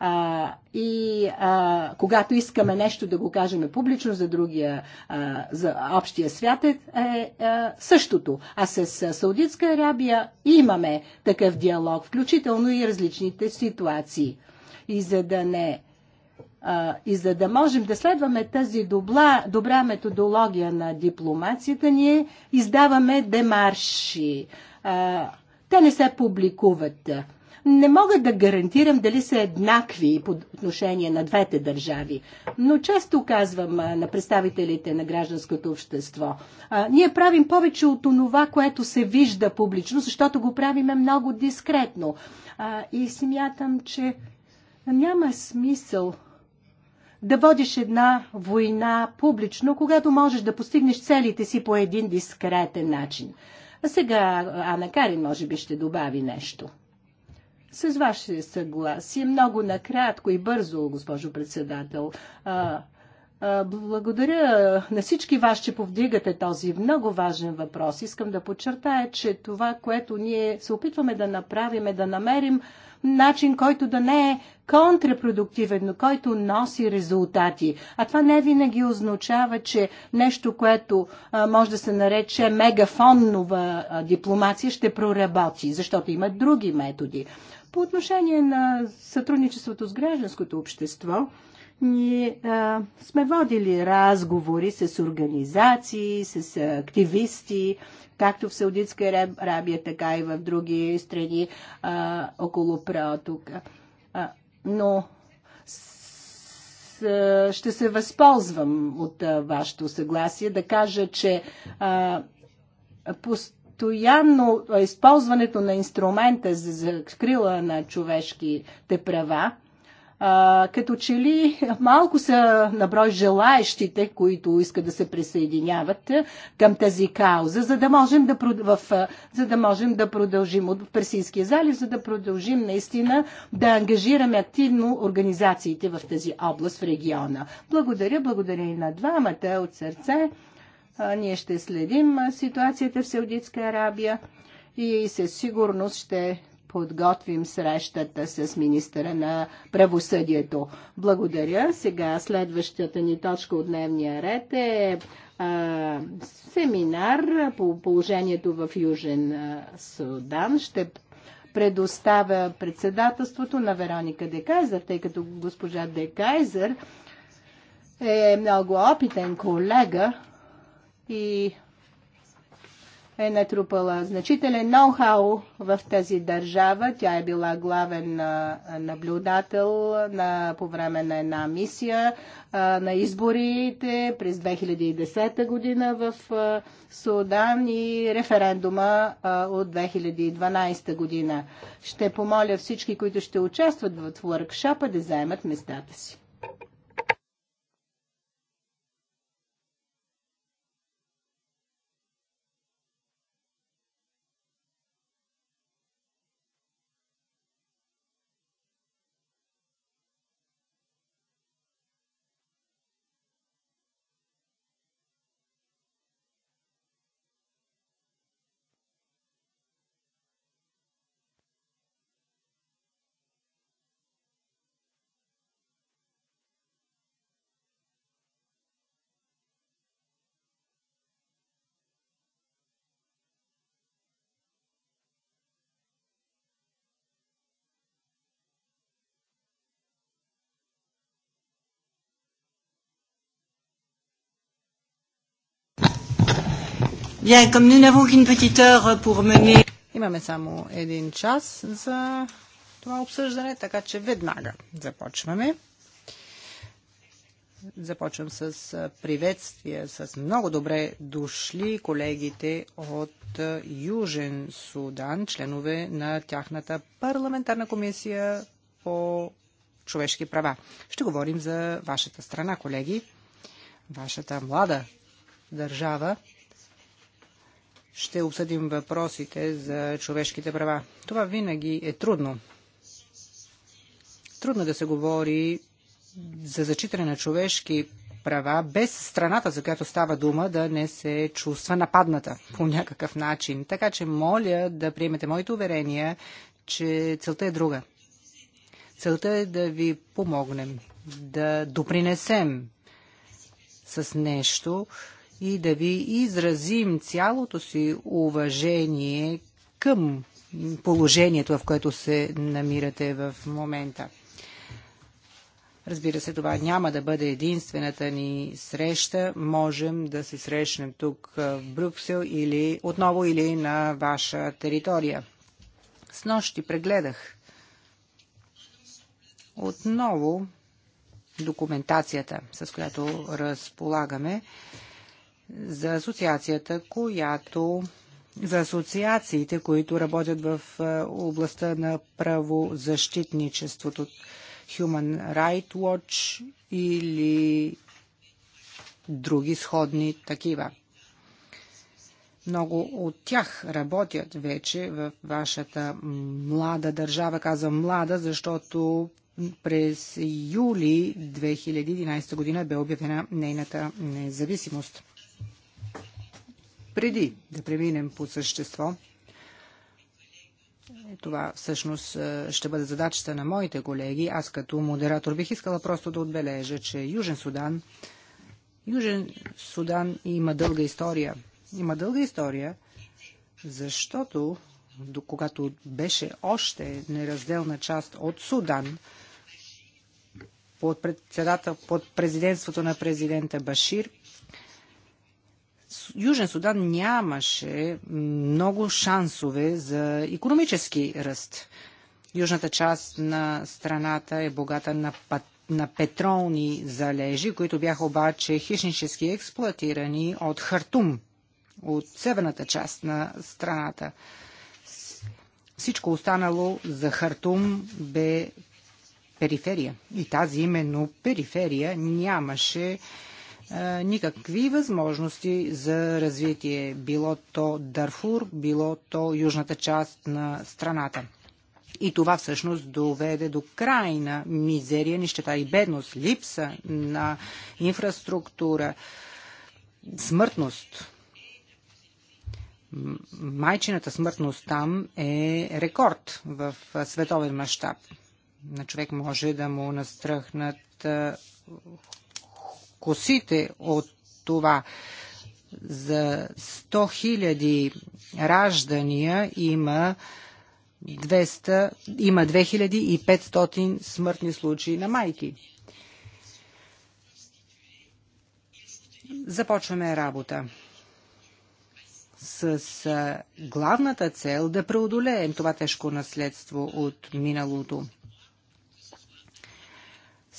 А, и а, когато искаме нещо да го кажем публично за другия, а, за общия свят е, е, е същото. А с Саудитска Арабия имаме такъв диалог, включително и различните ситуации. И за да не и за да можем да следваме тази добра, добра методология на дипломацията, ние издаваме демарши. А, те не се публикуват. Не мога да гарантирам дали са еднакви по отношение на двете държави, но често казвам а, на представителите на гражданското общество, а, ние правим повече от онова, което се вижда публично, защото го правиме много дискретно. А, и смятам, че няма смисъл да водиш една война публично, когато можеш да постигнеш целите си по един дискретен начин. А сега Ана Карин може би ще добави нещо. С ваше съгласие, много накратко и бързо, госпожо председател. А, а, благодаря на всички вас, че повдигате този много важен въпрос. Искам да подчертая, че това, което ние се опитваме да направим е да намерим начин, който да не е контрапродуктивен, но който носи резултати. А това не винаги означава, че нещо, което а, може да се нарече мегафоннова а, дипломация, ще проработи, защото има други методи. По отношение на сътрудничеството с гражданското общество, ние а, сме водили разговори с организации, с активисти, както в Саудитска Арабия, така и в други страни а, около протока. А, но с, ще се възползвам от а, вашето съгласие да кажа, че а, постоянно използването на инструмента за закрила на човешките права а, като че ли малко са наброй желаещите, които искат да се присъединяват към тази кауза, за да можем да, в, за да, можем да продължим от Персийския залив, за да продължим наистина да ангажираме активно организациите в тази област в региона. Благодаря, благодаря и на двамата от сърце. А, ние ще следим ситуацията в Саудитска Арабия и със сигурност ще подготвим срещата с министъра на правосъдието. Благодаря. Сега следващата ни точка от дневния ред е а, семинар по положението в Южен Судан. Ще предоставя председателството на Вероника Декайзер, тъй като госпожа Декайзер е много опитен колега и е натрупала значителен ноу-хау в тази държава. Тя е била главен наблюдател на, по време на една мисия а, на изборите през 2010 година в Судан и референдума а, от 2012 година. Ще помоля всички, които ще участват в въркшапа, да заемат местата си. Bien, comme nous n'avons qu'une petite heure pour mener... Имаме само един час за това обсъждане, така че веднага започваме. Започвам с приветствия, с много добре дошли колегите от Южен Судан, членове на тяхната парламентарна комисия по човешки права. Ще говорим за вашата страна, колеги, вашата млада държава ще обсъдим въпросите за човешките права. Това винаги е трудно. Трудно да се говори за зачитане на човешки права, без страната, за която става дума, да не се чувства нападната по някакъв начин. Така че моля да приемете моите уверения, че целта е друга. Целта е да ви помогнем, да допринесем с нещо, и да ви изразим цялото си уважение към положението, в което се намирате в момента. Разбира се, това няма да бъде единствената ни среща. Можем да се срещнем тук в Брюксел или отново или на ваша територия. С нощи прегледах отново документацията, с която разполагаме за асоциацията, която за асоциациите, които работят в е, областта на правозащитничеството. Human Rights Watch или други сходни такива. Много от тях работят вече в вашата млада държава. Казвам млада, защото през юли 2011 година бе обявена нейната независимост преди да преминем по същество. Е, това всъщност е, ще бъде задачата на моите колеги. Аз като модератор бих искала просто да отбележа, че Южен Судан, Южен Судан има дълга история. Има дълга история, защото до когато беше още неразделна част от Судан, под, председател, под президентството на президента Башир, Южен Судан нямаше много шансове за економически ръст. Южната част на страната е богата на, на петролни залежи, които бяха обаче хищнически експлуатирани от Хартум, от северната част на страната. Всичко останало за Хартум бе периферия. И тази именно периферия нямаше никакви възможности за развитие, било то Дарфур, било то южната част на страната. И това всъщност доведе до крайна мизерия, нищета и бедност, липса на инфраструктура, смъртност. Майчината смъртност там е рекорд в световен мащаб. На човек може да му настръхнат косите от това. За 100 хиляди раждания има 200, има 2500 смъртни случаи на майки. Започваме работа с главната цел да преодолеем това тежко наследство от миналото.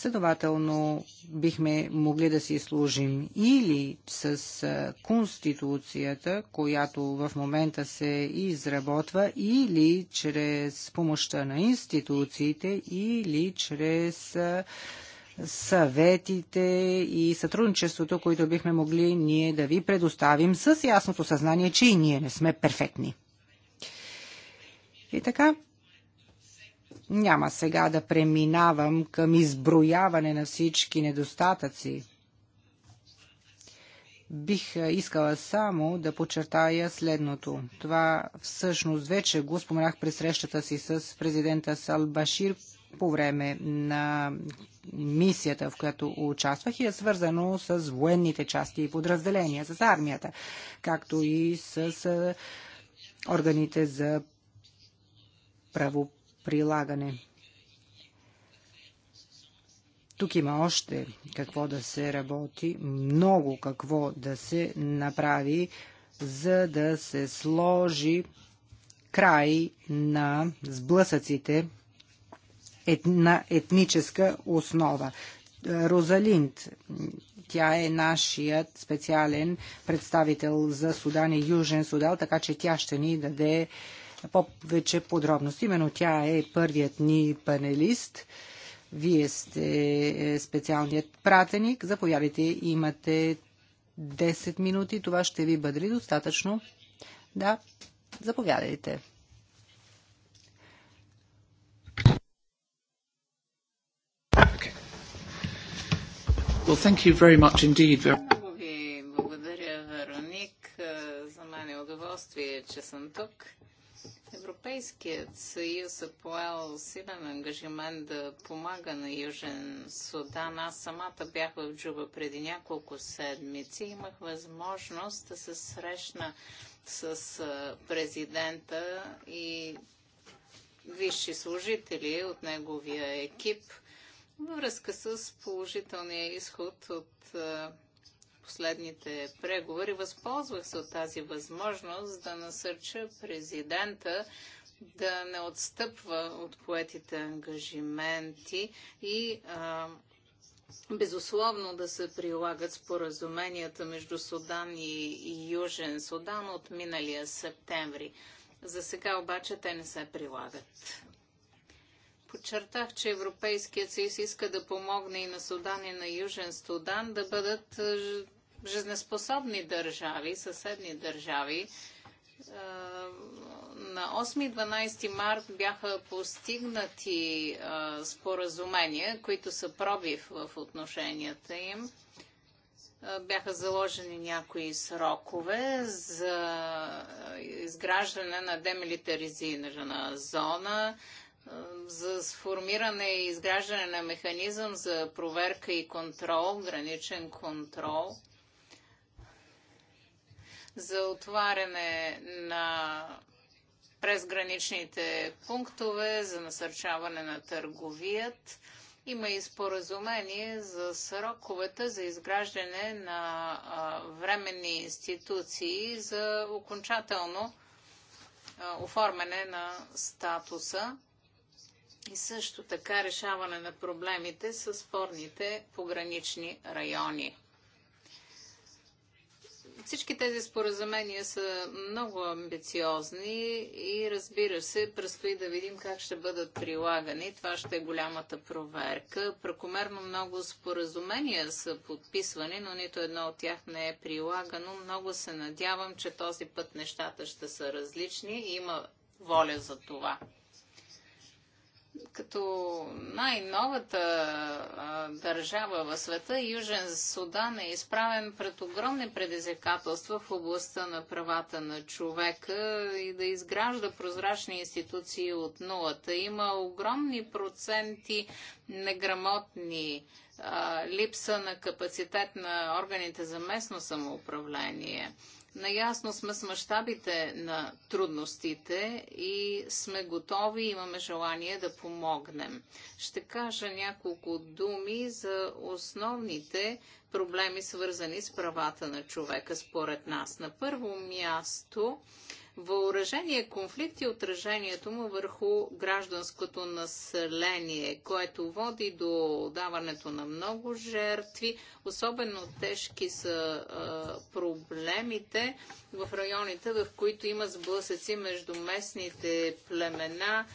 Следователно бихме могли да си служим или с конституцията, която в момента се изработва, или чрез помощта на институциите, или чрез съветите и сътрудничеството, които бихме могли ние да ви предоставим с ясното съзнание, че и ние не сме перфектни. И така, няма сега да преминавам към изброяване на всички недостатъци. Бих искала само да подчертая следното. Това всъщност вече го споменах при срещата си с президента Салбашир по време на мисията, в която участвах и е свързано с военните части и подразделения, с армията, както и с органите за правоприлагане прилагане. Тук има още какво да се работи, много какво да се направи, за да се сложи край на сблъсъците на етническа основа. Розалинд, тя е нашият специален представител за Судан и Южен Судан, така че тя ще ни даде повече подробности. Именно тя е първият ни панелист. Вие сте е, специалният пратеник. Заповядайте, имате 10 минути. Това ще ви бъде ли достатъчно? Да, заповядайте. Well, thank you very much indeed. Благодаря, Вероник. Е, за мен е удоволствие, че съм тук. Европейският съюз е поел силен ангажимент да помага на Южен Судан. Аз самата бях в Джуба преди няколко седмици. Имах възможност да се срещна с президента и висши служители от неговия екип във връзка с положителния изход от последните преговори. Възползвах се от тази възможност да насърча президента да не отстъпва от поетите ангажименти и а, безусловно да се прилагат споразуменията между Судан и, Южен Судан от миналия септември. За сега обаче те не се прилагат. Подчертах, че Европейският съюз иска да помогне и на Судан и на Южен Судан да бъдат жизнеспособни държави, съседни държави. Е, на 8 и 12 март бяха постигнати е, споразумения, които са пробив в отношенията им е, бяха заложени някои срокове за изграждане на демилитаризирана зона, за сформиране и изграждане на механизъм за проверка и контрол, граничен контрол за отваряне на презграничните пунктове, за насърчаване на търговият. Има и споразумение за сроковете за изграждане на временни институции за окончателно оформяне на статуса и също така решаване на проблемите с спорните погранични райони. Всички тези споразумения са много амбициозни и разбира се, предстои да видим как ще бъдат прилагани. Това ще е голямата проверка. Прекомерно много споразумения са подписвани, но нито едно от тях не е прилагано. Много се надявам, че този път нещата ще са различни и има воля за това като най-новата държава в света, Южен Судан е изправен пред огромни предизвикателства в областта на правата на човека и да изгражда прозрачни институции от нулата. Има огромни проценти неграмотни, а, липса на капацитет на органите за местно самоуправление – Наясно сме с мащабите на трудностите и сме готови, имаме желание да помогнем. Ще кажа няколко думи за основните проблеми, свързани с правата на човека, според нас. На първо място въоръжение конфликт и отражението му върху гражданското население, което води до даването на много жертви. Особено тежки са а, проблемите в районите, в които има сблъсъци между местните племена.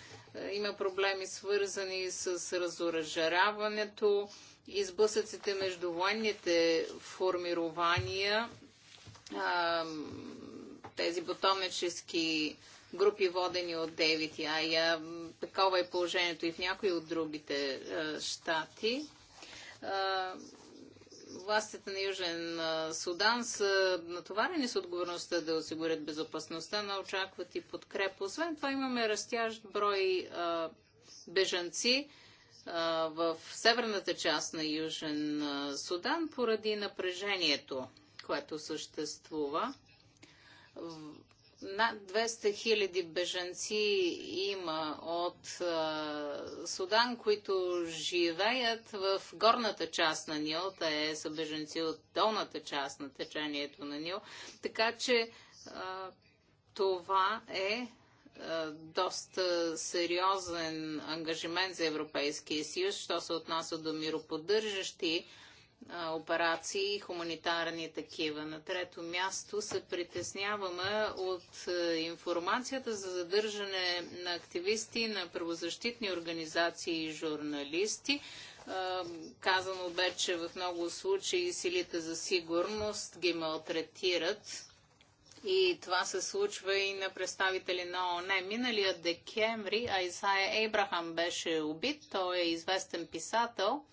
има проблеми свързани с разоръжаряването, и сблъсъците между военните формирования а, тези бутомечески групи, водени от Девит и Ая. Такова е положението и в някои от другите а, е, щати. А, е, властите на Южен е, Судан са натоварени с отговорността да осигурят безопасността, но очакват и подкрепа. Освен това имаме растящ брой а, бежанци в северната част на Южен Судан поради напрежението, което съществува. Над 200 хиляди бежанци има от а, Судан, които живеят в горната част на Нил. Те са бежанци от долната част на течението на Нил. Така че а, това е доста сериозен ангажимент за Европейския съюз, що се отнася до мироподдържащи операции, хуманитарни такива. На трето място се притесняваме от е, информацията за задържане на активисти на правозащитни организации и журналисти. Казано бе, че в много случаи силите за сигурност ги малтретират. И това се случва и на представители на ООН. Миналия декември Айсая Ейбрахам беше убит. Той е известен писател –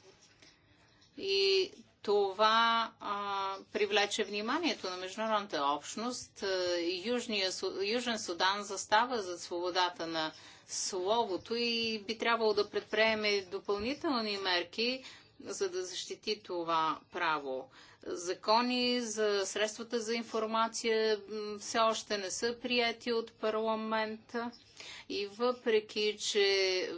и това а, привлече вниманието на международната общност. Е, Южния, Южен Судан застава за свободата на словото и би трябвало да предприеме допълнителни мерки, за да защити това право закони за средствата за информация все още не са прияти от парламента. И въпреки, че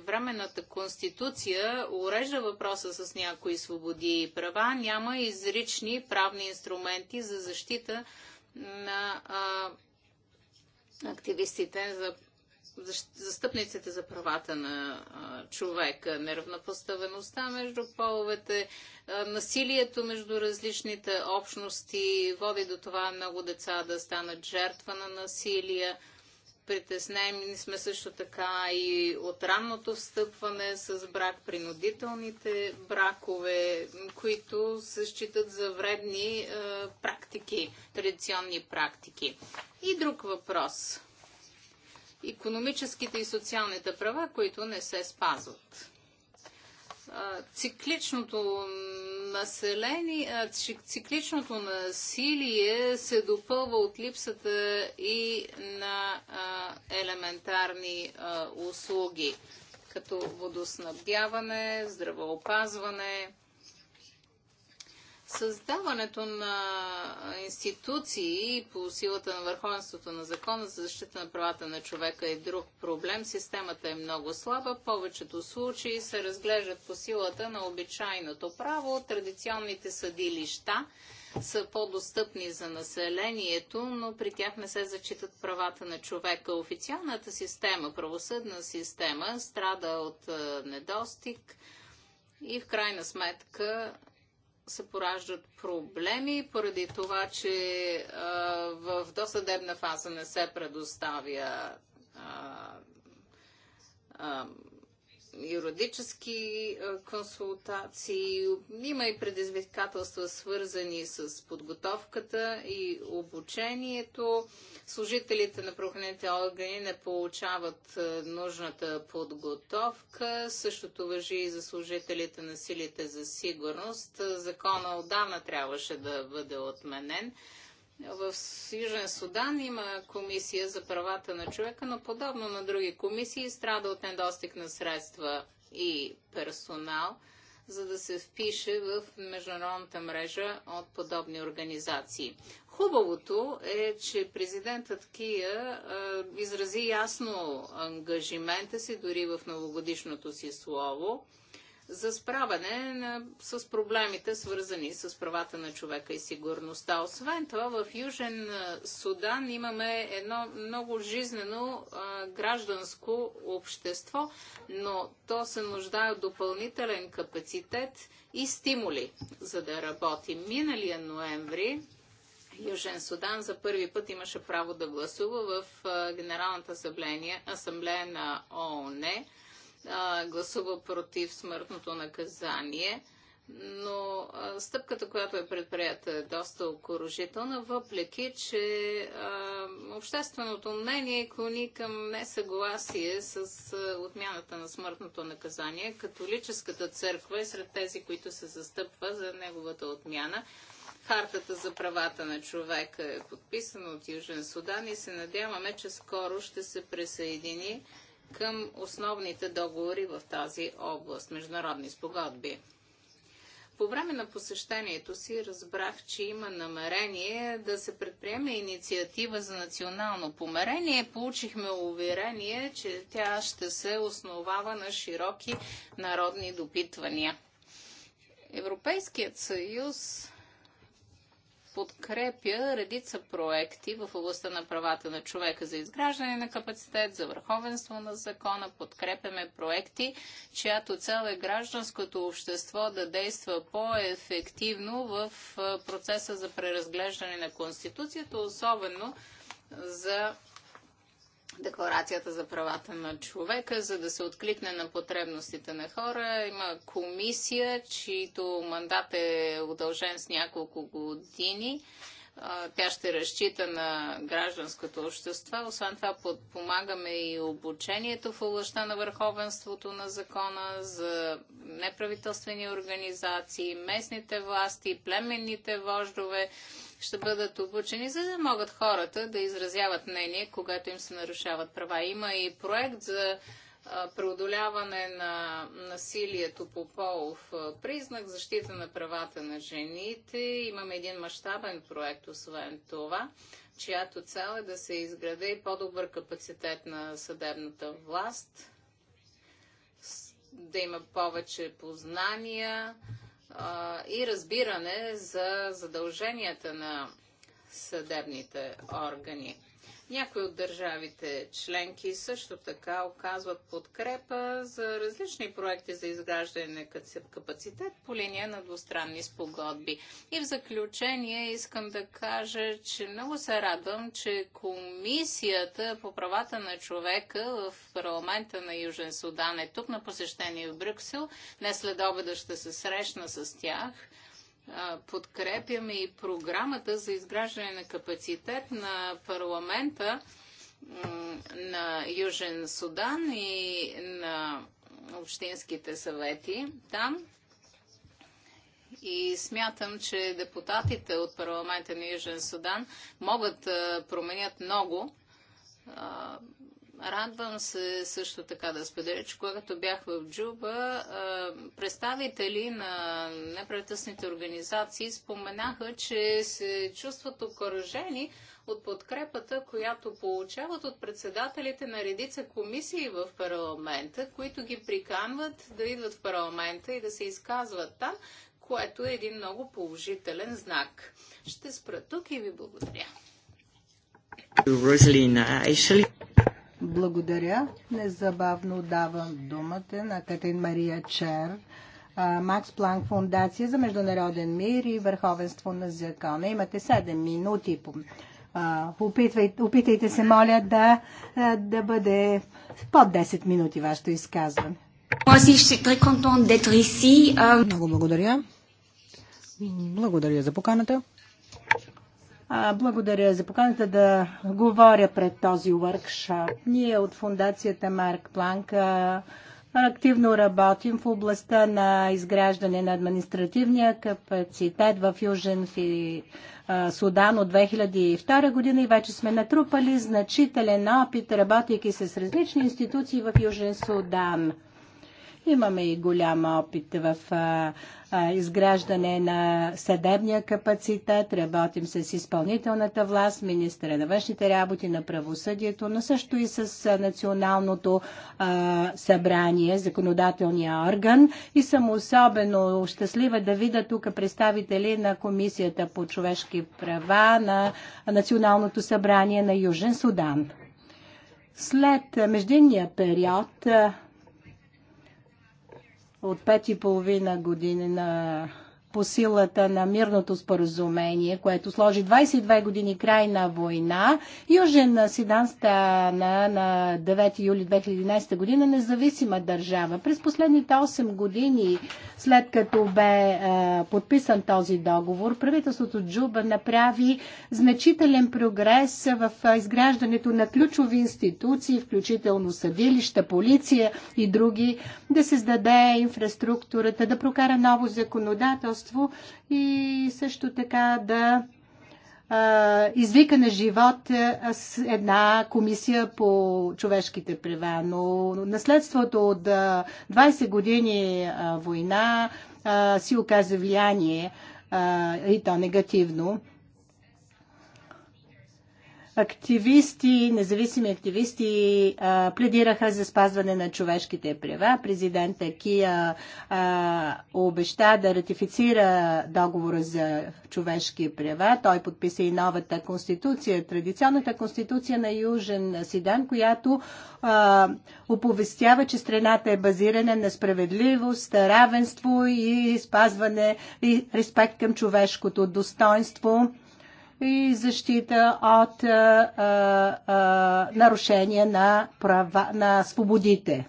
Временната конституция урежда въпроса с някои свободи и права, няма изрични правни инструменти за защита на а, активистите за застъпниците за правата на човека, неравнопоставеността между половете, насилието между различните общности води до това много деца да станат жертва на насилие. Притеснени сме също така и от ранното встъпване с брак, принудителните бракове, които се считат за вредни е, практики, традиционни практики. И друг въпрос – економическите и социалните права, които не се спазват. Цикличното население, цикличното насилие се допълва от липсата и на елементарни услуги, като водоснабдяване, здравеопазване, Създаването на институции по силата на върховенството на закона за защита на правата на човека е друг проблем. Системата е много слаба. Повечето случаи се разглеждат по силата на обичайното право. Традиционните съдилища са по-достъпни за населението, но при тях не се зачитат правата на човека. Официалната система, правосъдна система, страда от е, недостиг и в крайна сметка се пораждат проблеми поради това, че в досъдебна фаза не се предоставя юридически консултации. Има и предизвикателства, свързани с подготовката и обучението. Служителите на прохранените органи не получават нужната подготовка. Същото въжи и за служителите на силите за сигурност. Закона отдавна трябваше да бъде отменен. В Южен Судан има комисия за правата на човека, но подобно на други комисии страда от недостиг на средства и персонал, за да се впише в международната мрежа от подобни организации. Хубавото е, че президентът Кия изрази ясно ангажимента си дори в новогодишното си слово за справяне на, с проблемите, свързани с правата на човека и сигурността. Освен това, в Южен Судан имаме едно много жизнено а, гражданско общество, но то се нуждае от допълнителен капацитет и стимули, за да работи. Миналия ноември Южен Судан за първи път имаше право да гласува в а, Генералната асамблея на ООН а, гласува против смъртното наказание, но а, стъпката, която е предприята, е доста окоръжителна, въпреки, че а, общественото мнение клони към несъгласие с а, отмяната на смъртното наказание. Католическата църква е сред тези, които се застъпва за неговата отмяна. Хартата за правата на човека е подписана от Южен Судан и се надяваме, че скоро ще се присъедини към основните договори в тази област, международни спогодби. По време на посещението си разбрах, че има намерение да се предприеме инициатива за национално померение. Получихме уверение, че тя ще се основава на широки народни допитвания. Европейският съюз подкрепя редица проекти в областта на правата на човека за изграждане на капацитет, за върховенство на закона. Подкрепяме проекти, чиято цел е гражданското общество да действа по-ефективно в процеса за преразглеждане на Конституцията, особено за Декларацията за правата на човека, за да се откликне на потребностите на хора. Има комисия, чийто мандат е удължен с няколко години. Тя ще разчита на гражданското общество. Освен това подпомагаме и обучението в областта на върховенството на закона за неправителствени организации, местните власти, племенните вождове, ще бъдат обучени, за да могат хората да изразяват мнение, когато им се нарушават права. Има и проект за преодоляване на насилието по полов признак, защита на правата на жените. Имаме един мащабен проект, освен това, чиято цел е да се изгради по-добър капацитет на съдебната власт, да има повече познания, а, и разбиране за задълженията на съдебните органи. Някои от държавите членки също така оказват подкрепа за различни проекти за изграждане на капацитет по линия на двустранни спогодби. И в заключение искам да кажа, че много се радвам, че Комисията по правата на човека в парламента на Южен Судан е тук на посещение в Брюксел. Днес след обеда ще се срещна с тях подкрепяме и програмата за изграждане на капацитет на парламента на Южен Судан и на общинските съвети там. И смятам, че депутатите от парламента на Южен Судан могат да променят много Радвам се също така да споделя, че когато бях в Джуба, представители на неправителствените организации споменаха, че се чувстват окоръжени от подкрепата, която получават от председателите на редица комисии в парламента, които ги приканват да идват в парламента и да се изказват там, което е един много положителен знак. Ще спра тук и ви благодаря. Благодаря. Незабавно давам думата на Катрин Мария Чер, Макс Планк Фундация за международен мир и върховенство на закона. Имате 7 минути. Опитвайте, опитайте се, моля, да, да бъде под 10 минути вашето изказване. Много благодаря. Благодаря за поканата. Благодаря за поканата да говоря пред този въркшоп. Ние от фундацията Марк Планк активно работим в областта на изграждане на административния капацитет в Южен Фи... Судан от 2002 година и вече сме натрупали значителен опит, работейки с различни институции в Южен Судан. Имаме и голям опит в а, а, изграждане на съдебния капацитет, работим с изпълнителната власт, министра на външните работи, на правосъдието, но също и с националното а, събрание, законодателния орган. И съм особено щастлива да видя тук представители на Комисията по човешки права на Националното събрание на Южен Судан. След междинния период от пет и половина години на по силата на мирното споразумение, което сложи 22 години край на война, Южен Сидан стана на 9 юли 2011 година независима държава. През последните 8 години, след като бе е, подписан този договор, правителството Джуба направи значителен прогрес в изграждането на ключови институции, включително съдилища, полиция и други, да създаде инфраструктурата, да прокара ново законодателство, богатство и също така да извика на живот една комисия по човешките права. Но наследството от 20 години война си оказа влияние и то негативно активисти, независими активисти а, пледираха за спазване на човешките права. Президента Кия а, обеща да ратифицира договора за човешки права. Той подписа и новата конституция, традиционната конституция на Южен Сидан, която а, оповестява, че страната е базирана на справедливост, равенство и спазване и респект към човешкото достоинство и защита от а, а, нарушение на, права, на свободите.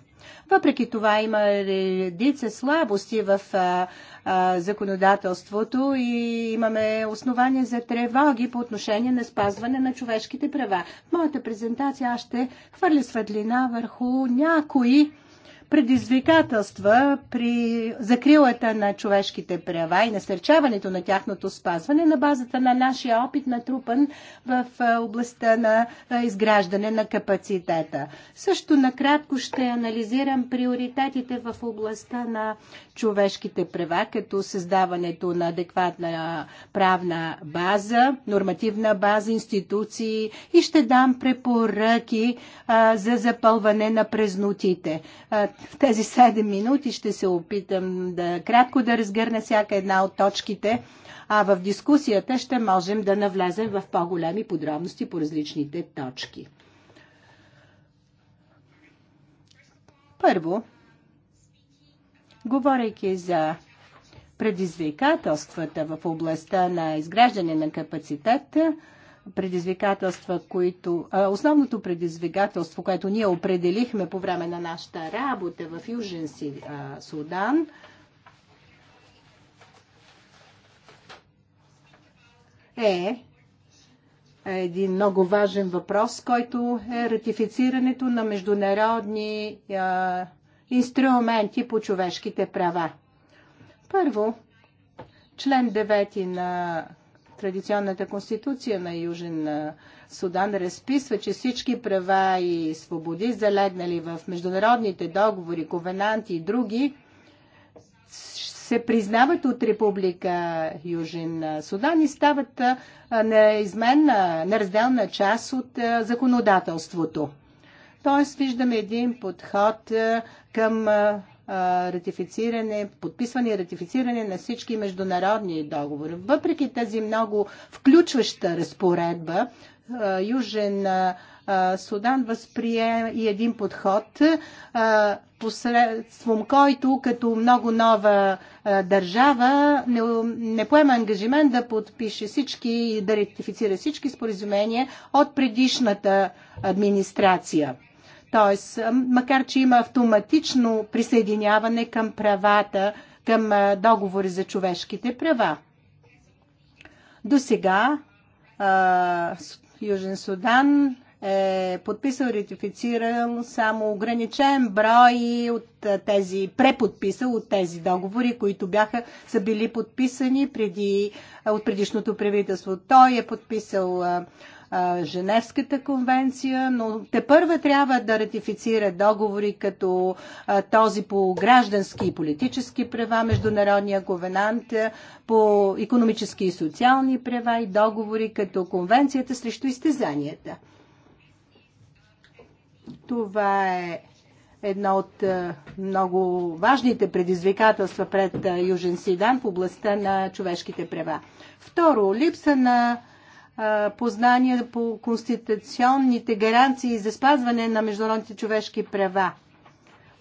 Въпреки това има редица слабости в а, а, законодателството и имаме основания за тревоги по отношение на спазване на човешките права. В моята презентация аз ще хвърля светлина върху някои предизвикателства при закрилата на човешките права и насърчаването на тяхното спазване на базата на нашия опит натрупан в областта на изграждане на капацитета. Също накратко ще анализирам приоритетите в областта на човешките права, като създаването на адекватна правна база, нормативна база, институции и ще дам препоръки а, за запълване на презнотите. А, в тези 7 минути ще се опитам да кратко да разгърна всяка една от точките, а в дискусията ще можем да навлезем в по-големи подробности по различните точки. Първо, говорейки за предизвикателствата в областта на изграждане на капацитета предизвикателства, които... Основното предизвикателство, което ние определихме по време на нашата работа в Южен Судан, е един много важен въпрос, който е ратифицирането на международни а, инструменти по човешките права. Първо, член 9 на традиционната конституция на Южен Судан разписва, че всички права и свободи, залегнали в международните договори, ковенанти и други, се признават от Република Южен Судан и стават неизменна, неразделна част от законодателството. Тоест виждаме един подход към ратифициране, подписване и ратифициране на всички международни договори. Въпреки тази много включваща разпоредба, Южен Судан възприе и един подход, посредством който като много нова държава не, не поема ангажимент да подпише всички и да ратифицира всички споразумения от предишната администрация. Т.е. макар че има автоматично присъединяване към правата, към договори за човешките права. До сега Южен Судан е подписал, ратифицирал само ограничен брой от тези, преподписал от тези договори, които бяха, са били подписани преди, от предишното правителство. Той е подписал Женевската конвенция, но те първа трябва да ратифицира договори като този по граждански и политически права, Международния ковенант по економически и социални права и договори като Конвенцията срещу изтезанията. Това е едно от много важните предизвикателства пред Южен Сидан в областта на човешките права. Второ, липса на познания по конституционните гаранции за спазване на международните човешки права.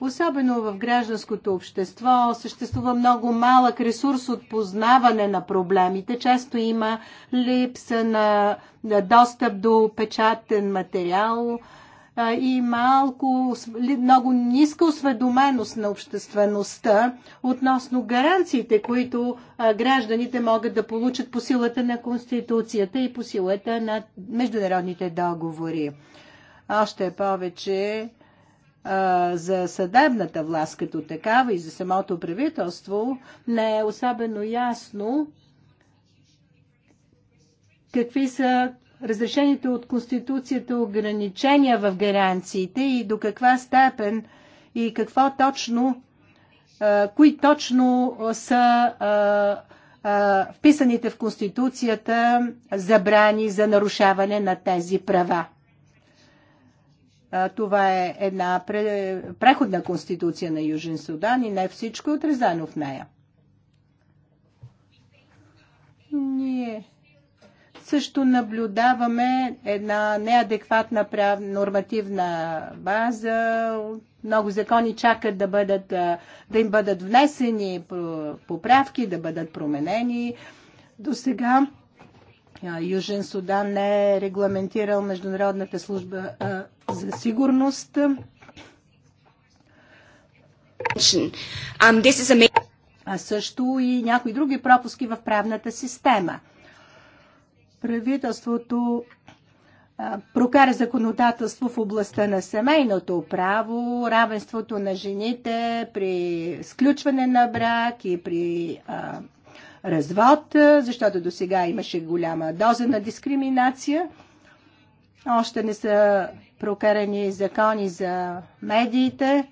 Особено в гражданското общество съществува много малък ресурс от познаване на проблемите. Често има липса на, достъп до печатен материал, и малко, много ниска осведоменост на обществеността относно гаранциите, които гражданите могат да получат по силата на Конституцията и по силата на международните договори. Още повече за съдебната власт като такава и за самото правителство не е особено ясно какви са разрешените от Конституцията ограничения в гаранциите и до каква степен и какво точно, кои точно са вписаните в Конституцията забрани за нарушаване на тези права. Това е една преходна конституция на Южен Судан и не всичко е отрезано в нея. също наблюдаваме една неадекватна прав... нормативна база. Много закони чакат да, бъдат, да им бъдат внесени поправки, да бъдат променени. До сега Южен Судан не е регламентирал Международната служба за сигурност. Um, а също и някои други пропуски в правната система правителството прокара законодателство в областта на семейното право, равенството на жените при сключване на брак и при а, развод, защото до сега имаше голяма доза на дискриминация. Още не са прокарани закони за медиите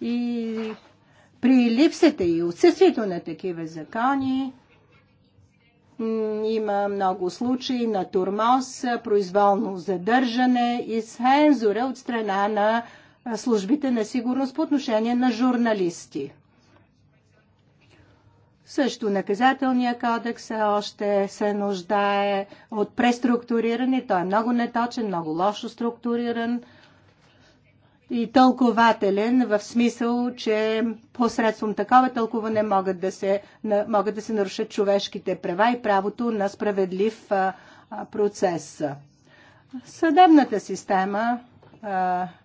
и при липсата и отсъствието на такива закони има много случаи на турмоз, произволно задържане и цензура от страна на службите на сигурност по отношение на журналисти. Също наказателния кодекс още се нуждае от преструктуриране. Той е много неточен, много лошо структуриран и тълкователен в смисъл, че посредством такова тълкуване могат да се, могат да се нарушат човешките права и правото на справедлив процес. Съдебната система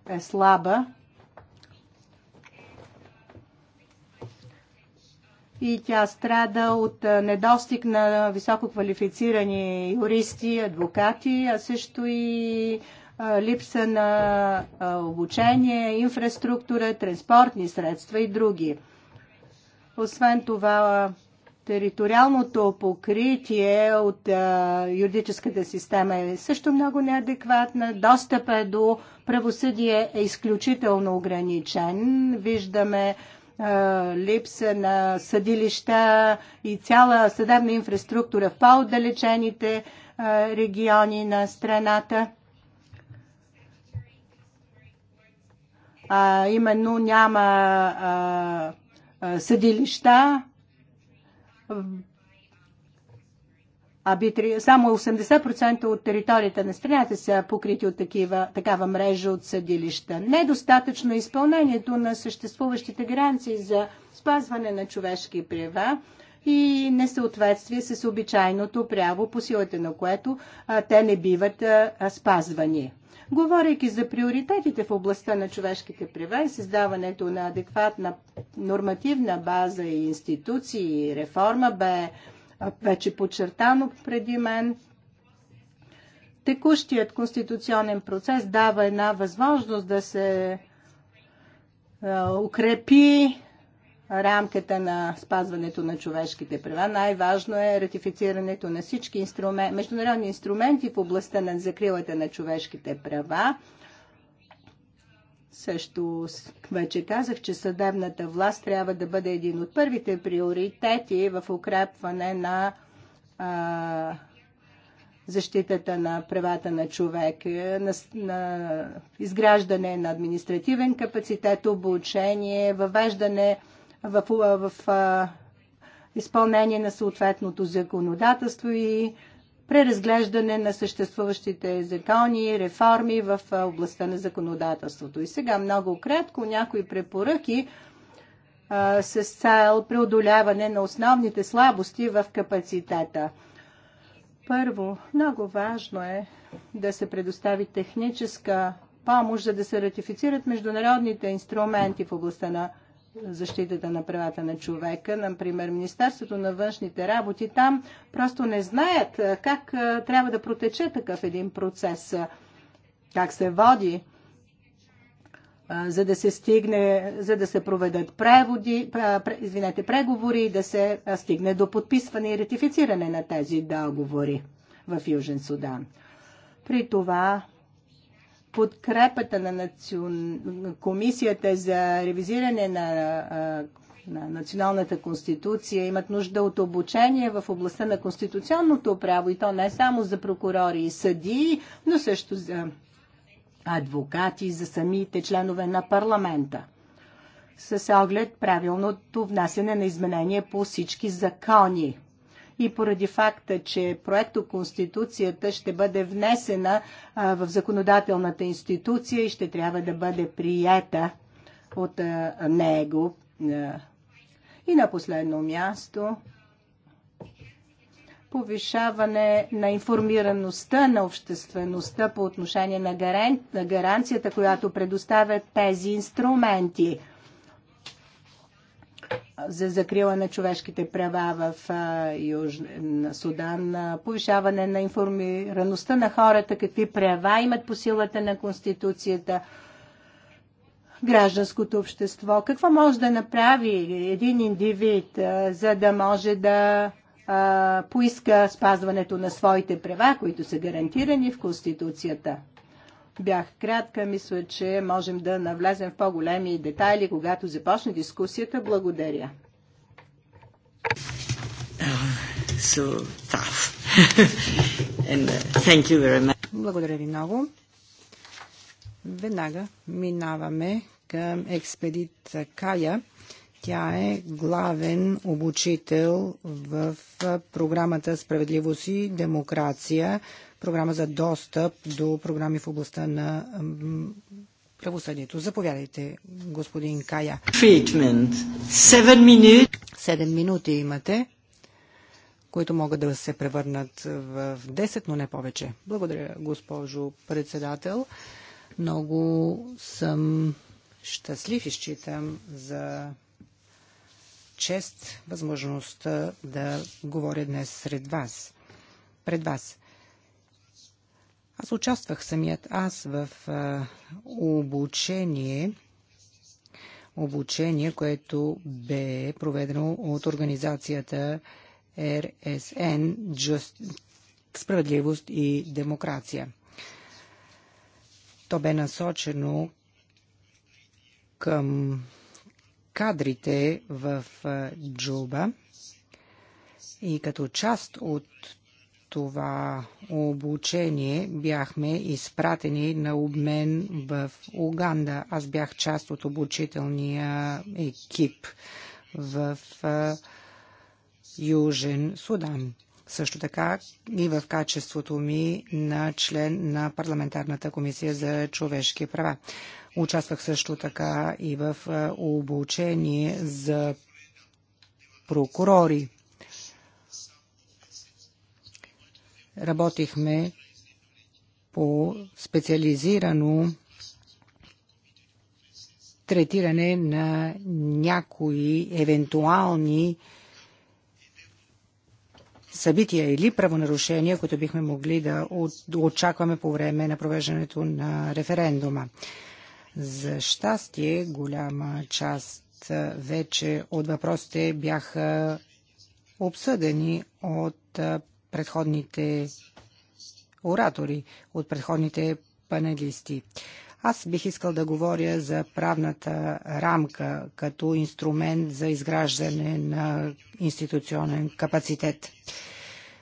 е слаба и тя страда от недостиг на високо квалифицирани юристи, адвокати, а също и липса на обучение, инфраструктура, транспортни средства и други. Освен това, териториалното покритие от юридическата система е също много неадекватна. Достъпа до правосъдие е изключително ограничен. Виждаме липса на съдилища и цяла съдебна инфраструктура в по-отдалечените региони на страната. а именно няма а, а, съдилища, а битри, само 80% от територията на страната са покрити от такива, такава мрежа от съдилища. Недостатъчно е изпълнението на съществуващите гаранции за спазване на човешки права и несъответствие с обичайното право, по силата на което а, те не биват а, спазвани. Говорейки за приоритетите в областта на човешките права и създаването на адекватна нормативна база и институции, и реформа бе вече подчертано преди мен, текущият конституционен процес дава една възможност да се укрепи рамката на спазването на човешките права. Най-важно е ратифицирането на всички инструмен... международни инструменти в областта на закрилата на човешките права. Също вече казах, че съдебната власт трябва да бъде един от първите приоритети в укрепване на а, защитата на правата на човек, е, на, на изграждане на административен капацитет, обучение, въвеждане в, в, в изпълнение на съответното законодателство и преразглеждане на съществуващите закони, реформи в областта на законодателството. И сега много кратко някои препоръки с цел преодоляване на основните слабости в капацитета. Първо, много важно е да се предостави техническа помощ, за да се ратифицират международните инструменти в областта на защитата на правата на човека. Например, Министерството на външните работи там просто не знаят как трябва да протече такъв един процес, как се води, за да се стигне, за да се проведат преводи, извинете, преговори и да се стигне до подписване и ратифициране на тези договори в Южен Судан. При това подкрепата на национ... комисията за ревизиране на на националната конституция, имат нужда от обучение в областта на конституционното право и то не само за прокурори и съдии, но също за адвокати, за самите членове на парламента. С оглед правилното внасяне на изменения по всички закони и поради факта, че проекто Конституцията ще бъде внесена в законодателната институция и ще трябва да бъде приета от него. И на последно място повишаване на информираността на обществеността по отношение на гаранцията, която предоставят тези инструменти за закрила на човешките права в Южна Судан, повишаване на информираността на хората, какви права имат по силата на Конституцията, гражданското общество. Какво може да направи един индивид, за да може да поиска спазването на своите права, които са гарантирани в Конституцията? бях кратка. Мисля, че можем да навлезем в по-големи детайли, когато започне дискусията. Благодаря. Uh, Благодаря ви много. Веднага минаваме към експедит Кая. Тя е главен обучител в програмата Справедливост и демокрация програма за достъп до програми в областта на правосъдието. Заповядайте, господин Кая. Treatment. Seven minutes. Седем минути имате, които могат да се превърнат в 10, но не повече. Благодаря, госпожо председател. Много съм щастлив и считам за чест възможността да говоря днес сред вас. Пред вас. Аз участвах самият аз в а, обучение, обучение, което бе проведено от организацията RSN Just, Справедливост и демокрация. То бе насочено към кадрите в Джуба и като част от това обучение бяхме изпратени на обмен в Уганда. Аз бях част от обучителния екип в Южен Судан. Също така и в качеството ми на член на Парламентарната комисия за човешки права. Участвах също така и в обучение за прокурори работихме по специализирано третиране на някои евентуални събития или правонарушения, които бихме могли да очакваме по време на провеждането на референдума. За щастие, голяма част вече от въпросите бяха обсъдени от предходните оратори, от предходните панелисти. Аз бих искал да говоря за правната рамка като инструмент за изграждане на институционен капацитет.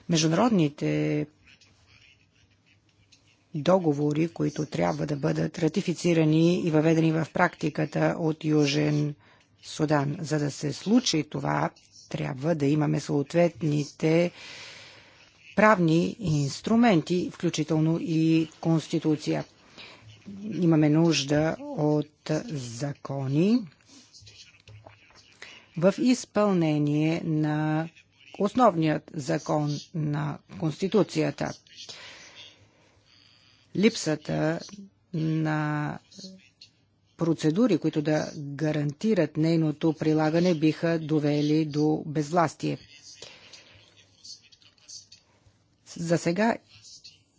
Международните договори, които трябва да бъдат ратифицирани и въведени в практиката от Южен Судан. За да се случи това, трябва да имаме съответните правни инструменти, включително и Конституция. Имаме нужда от закони в изпълнение на основният закон на Конституцията. Липсата на процедури, които да гарантират нейното прилагане, биха довели до безвластие. За сега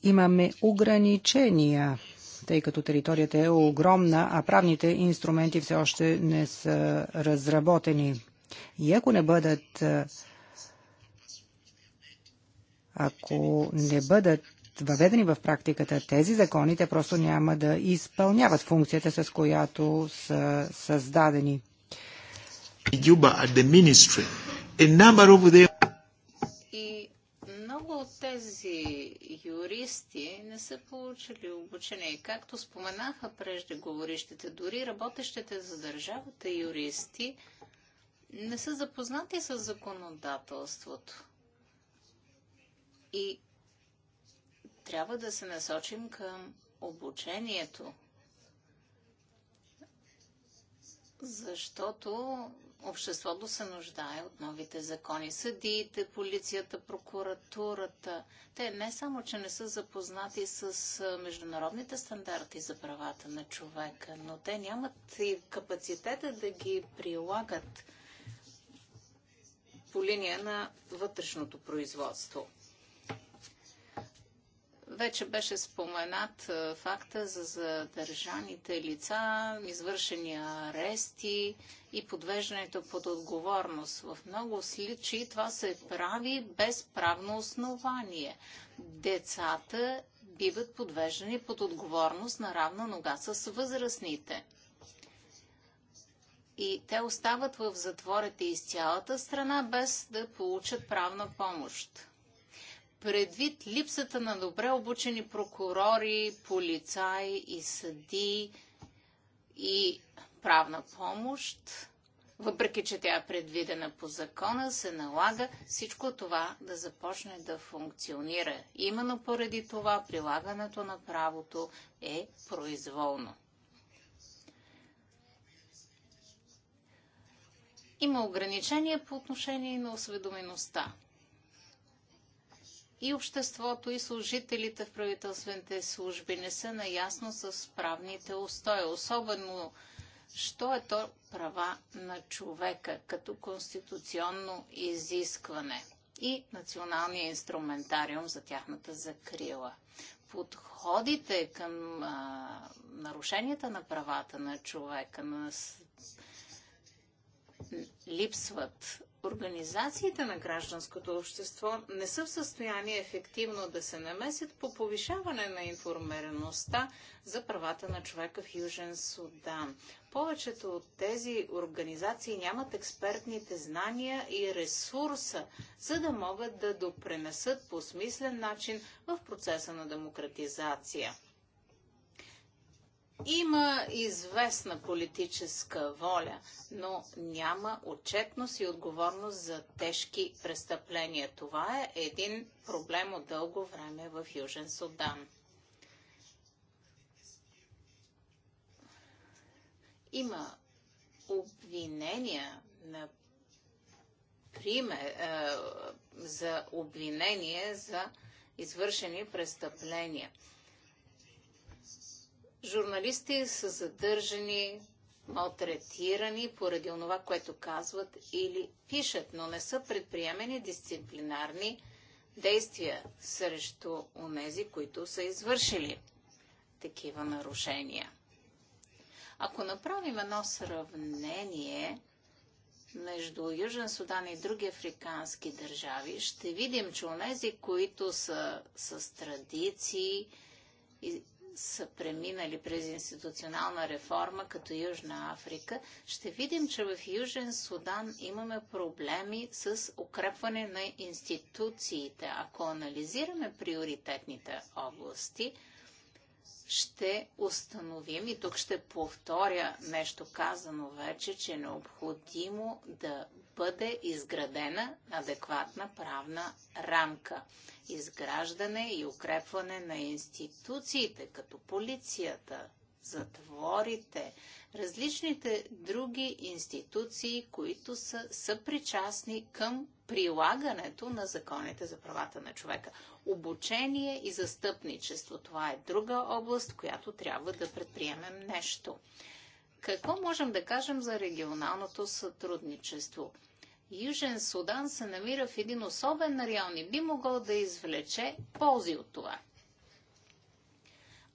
имаме ограничения, тъй като територията е огромна, а правните инструменти все още не са разработени. И ако не бъдат ако не бъдат въведени в практиката тези закони, те просто няма да изпълняват функцията, с която са създадени. at the ministry. A number of от тези юристи не са получили обучение. Както споменаха преждеговорищите, дори работещите за държавата юристи не са запознати с законодателството. И трябва да се насочим към обучението, защото обществото се нуждае от новите закони. Съдиите, полицията, прокуратурата, те не само, че не са запознати с международните стандарти за правата на човека, но те нямат и капацитета да ги прилагат по линия на вътрешното производство. Вече беше споменат е, факта за задържаните лица, извършени арести и подвеждането под отговорност. В много случаи това се прави без правно основание. Децата биват подвеждани под отговорност на равна нога с възрастните. И те остават в затворите из цялата страна без да получат правна помощ предвид липсата на добре обучени прокурори, полицаи и съди и правна помощ, въпреки че тя е предвидена по закона, се налага всичко това да започне да функционира. Именно поради това прилагането на правото е произволно. Има ограничения по отношение на осведомеността и обществото и служителите в правителствените служби не са наясно с правните устоя, особено що е то права на човека като конституционно изискване и националния инструментариум за тяхната закрила. Подходите към а, нарушенията на правата на човека на... липсват Организациите на гражданското общество не са в състояние ефективно да се намесят по повишаване на информираността за правата на човека в Южен Судан. Повечето от тези организации нямат експертните знания и ресурса, за да могат да допренесат по смислен начин в процеса на демократизация. Има известна политическа воля, но няма отчетност и отговорност за тежки престъпления. Това е един проблем от дълго време в Южен Судан. Има обвинения, например, е, за обвинение за извършени престъпления – Журналисти са задържани, малтретирани поради онова, което казват или пишат, но не са предприемени дисциплинарни действия срещу онези, които са извършили такива нарушения. Ако направим едно сравнение между Южен Судан и други африкански държави, ще видим, че онези, които са с традиции са преминали през институционална реформа като Южна Африка, ще видим, че в Южен Судан имаме проблеми с укрепване на институциите. Ако анализираме приоритетните области, ще установим, и тук ще повторя нещо казано вече, че е необходимо да бъде изградена адекватна правна рамка изграждане и укрепване на институциите, като полицията, затворите, различните други институции, които са съпричастни към прилагането на законите за правата на човека. Обучение и застъпничество. Това е друга област, в която трябва да предприемем нещо. Какво можем да кажем за регионалното сътрудничество? Южен Судан се намира в един особен район и би могъл да извлече ползи от това.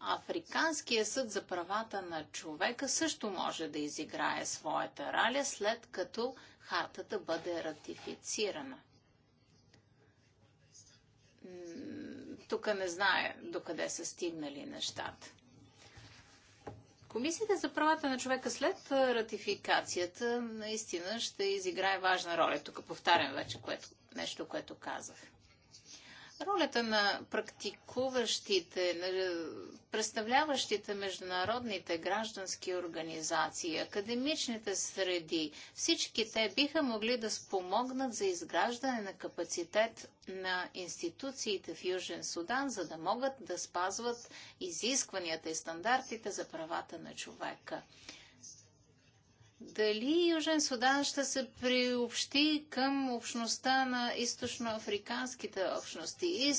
Африканския съд за правата на човека също може да изиграе своята роля, след като хартата бъде ратифицирана. Тук не знае докъде са стигнали нещата. Комисията за правата на човека след ратификацията наистина ще изиграе важна роля. Тук повтарям вече което, нещо, което казах. Ролята на практикуващите, на представляващите международните граждански организации, академичните среди, всички те биха могли да спомогнат за изграждане на капацитет на институциите в Южен Судан, за да могат да спазват изискванията и стандартите за правата на човека. Дали Южен Судан ще се приобщи към общността на източноафриканските общности? и е,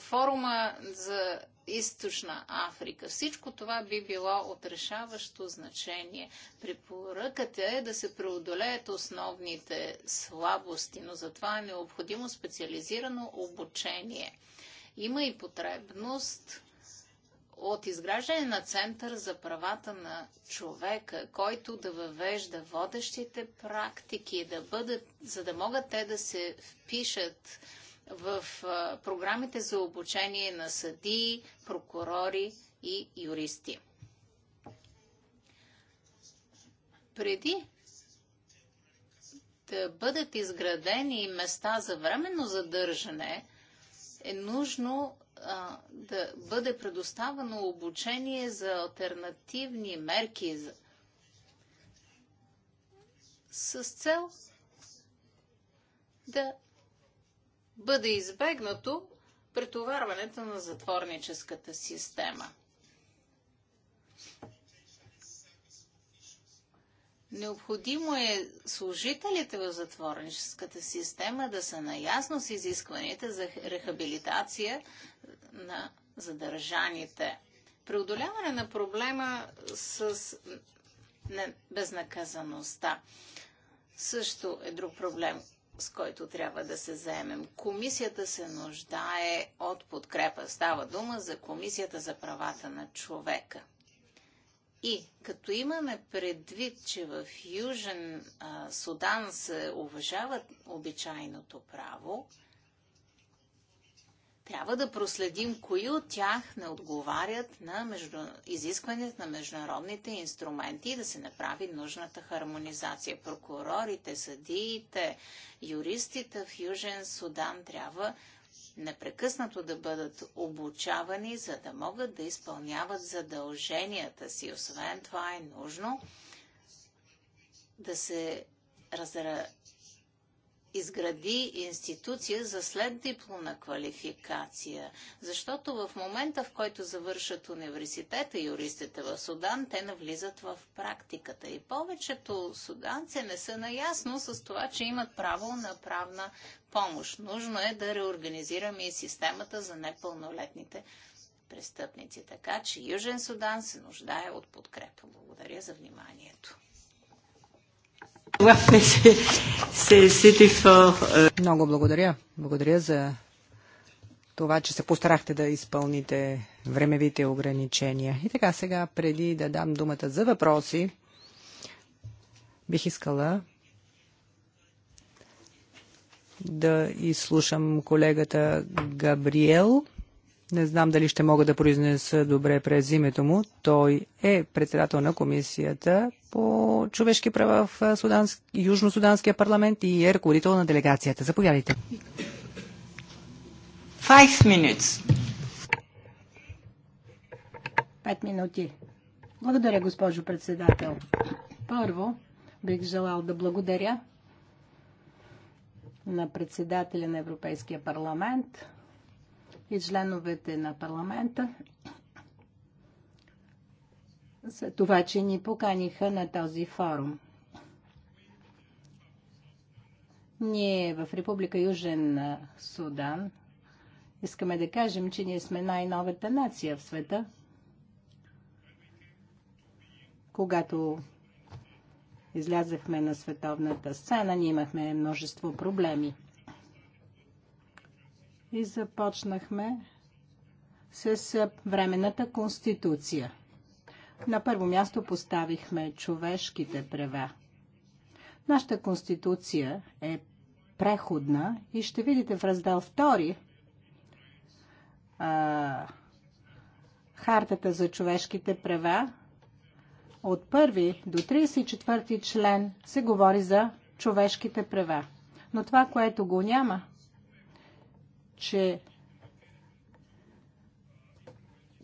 форума за източна Африка. Всичко това би било от решаващо значение. Препоръката е да се преодолеят основните слабости, но за това е необходимо специализирано обучение. Има и потребност от изграждане на Център за правата на човека, който да въвежда водещите практики, да бъдат, за да могат те да се впишат в програмите за обучение на съдии, прокурори и юристи. Преди да бъдат изградени места за временно задържане, е нужно да бъде предоставено обучение за альтернативни мерки за... с цел да бъде избегнато претоварването на затворническата система. Необходимо е служителите в затворническата система да са наясно с изискванията за рехабилитация на задържаните. Преодоляване на проблема с безнаказаността също е друг проблем, с който трябва да се заемем. Комисията се нуждае от подкрепа. Става дума за Комисията за правата на човека. И като имаме предвид, че в Южен а, Судан се уважават обичайното право, трябва да проследим кои от тях не отговарят на между... изискванията на международните инструменти и да се направи нужната хармонизация. Прокурорите, съдиите, юристите в Южен Судан трябва непрекъснато да бъдат обучавани, за да могат да изпълняват задълженията си. Освен това е нужно да се разра изгради институция за след дипломна квалификация, защото в момента, в който завършат университета юристите в Судан, те навлизат в практиката. И повечето суданци не са наясно с това, че имат право на правна помощ. Нужно е да реорганизираме и системата за непълнолетните престъпници. Така че Южен Судан се нуждае от подкрепа. Благодаря за вниманието. Много благодаря. Благодаря за това, че се постарахте да изпълните времевите ограничения. И така сега, преди да дам думата за въпроси, бих искала да изслушам колегата Габриел не знам дали ще мога да произнеса добре през името му. Той е председател на комисията по човешки права в Южно-Суданския парламент и е ръководител на делегацията. Заповядайте. Five минути. Пет минути. Благодаря, госпожо председател. Първо, бих желал да благодаря на председателя на Европейския парламент, и членовете на парламента за това, че ни поканиха на този форум. Ние в Република Южен Судан искаме да кажем, че ние сме най-новата нация в света. Когато излязахме на световната сцена, ние имахме множество проблеми – и започнахме с Временната конституция. На първо място поставихме човешките права. Нашата конституция е преходна и ще видите в раздел 2 а, Хартата за човешките права. От 1 до 34 член се говори за човешките права. Но това, което го няма че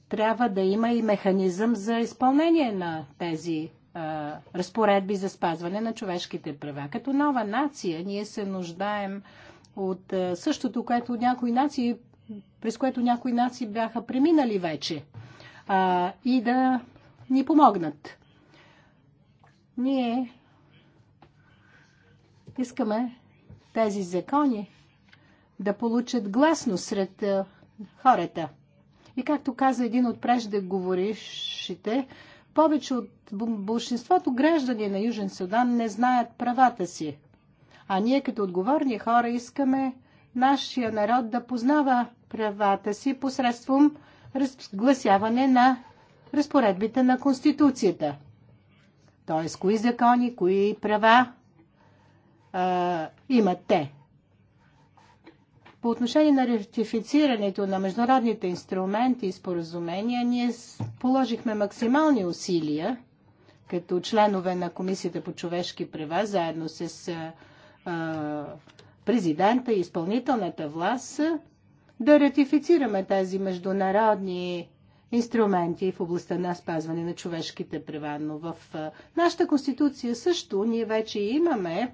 трябва да има и механизъм за изпълнение на тези а, разпоредби за спазване на човешките права. Като нова нация ние се нуждаем от а, същото, което някои нации, през което някои нации бяха преминали вече а, и да ни помогнат. Ние искаме тези закони да получат гласно сред е, хората. И както каза един от преждеговорившите, повече от большинството граждани на Южен Судан не знаят правата си. А ние като отговорни хора искаме нашия народ да познава правата си посредством разгласяване на разпоредбите на Конституцията. Т.е. кои закони, кои права а, е, имат те. По отношение на ратифицирането на международните инструменти и споразумения, ние положихме максимални усилия като членове на Комисията по човешки права, заедно с а, президента и изпълнителната власт, да ратифицираме тези международни инструменти в областта на спазване на човешките права. Но в нашата конституция също ние вече имаме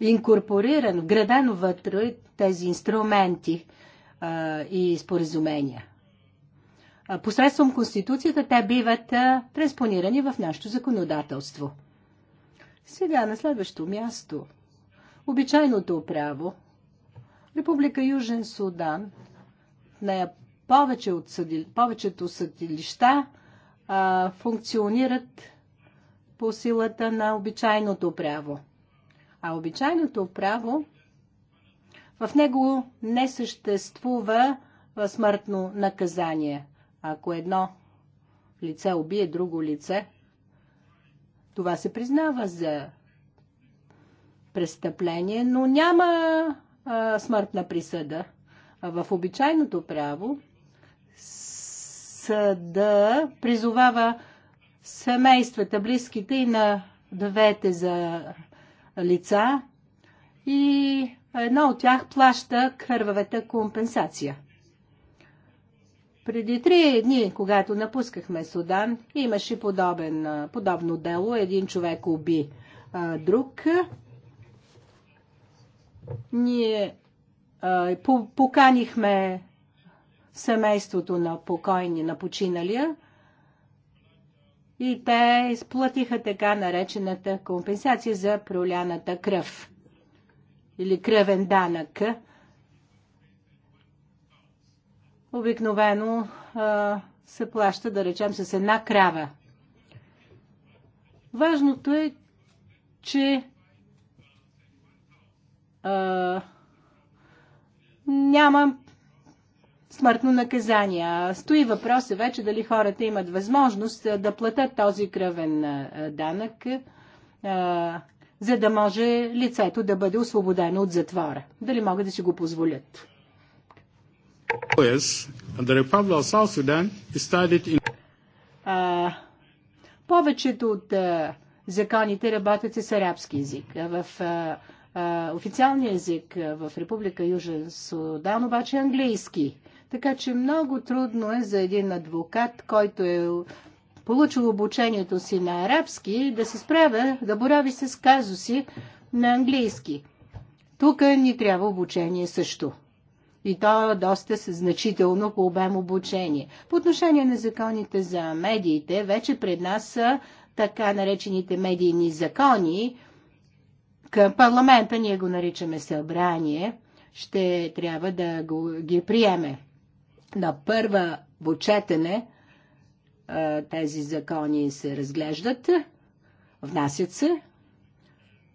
инкорпорирано, градено вътре тези инструменти а, и споразумения. А, посредством Конституцията те биват а, транспонирани в нашето законодателство. Сега на следващо място. Обичайното право. Република Южен Судан, в нея повече от съди, повечето съдилища а, функционират по силата на обичайното право. А обичайното право, в него не съществува смъртно наказание. Ако едно лице убие друго лице, това се признава за престъпление, но няма а, смъртна присъда. А в обичайното право съда призовава семействата, близките и на двете за лица и едно от тях плаща кървавата компенсация. Преди три дни, когато напускахме Судан, имаше подобен, подобно дело. Един човек уби а, друг. Ние а, поканихме семейството на покойни, на починалия и те изплатиха така наречената компенсация за проляната кръв или кръвен данък. Обикновено се плаща, да речем, с една крава. Важното е, че а, няма смъртно наказание. Стои въпроса вече дали хората имат възможност да платят този кръвен данък, за да може лицето да бъде освободено от затвора. Дали могат да си го позволят? повечето от законите работят с арабски язик. В официалния език в Република Южен Судан, обаче е английски. Така че много трудно е за един адвокат, който е получил обучението си на арабски, да се справя, да борави с казуси на английски. Тук ни трябва обучение също. И то е доста значително по обем обучение. По отношение на законите за медиите, вече пред нас са така наречените медийни закони. Към парламента ние го наричаме събрание. Ще трябва да го, ги приеме на първа бочетене тези закони се разглеждат, внасят се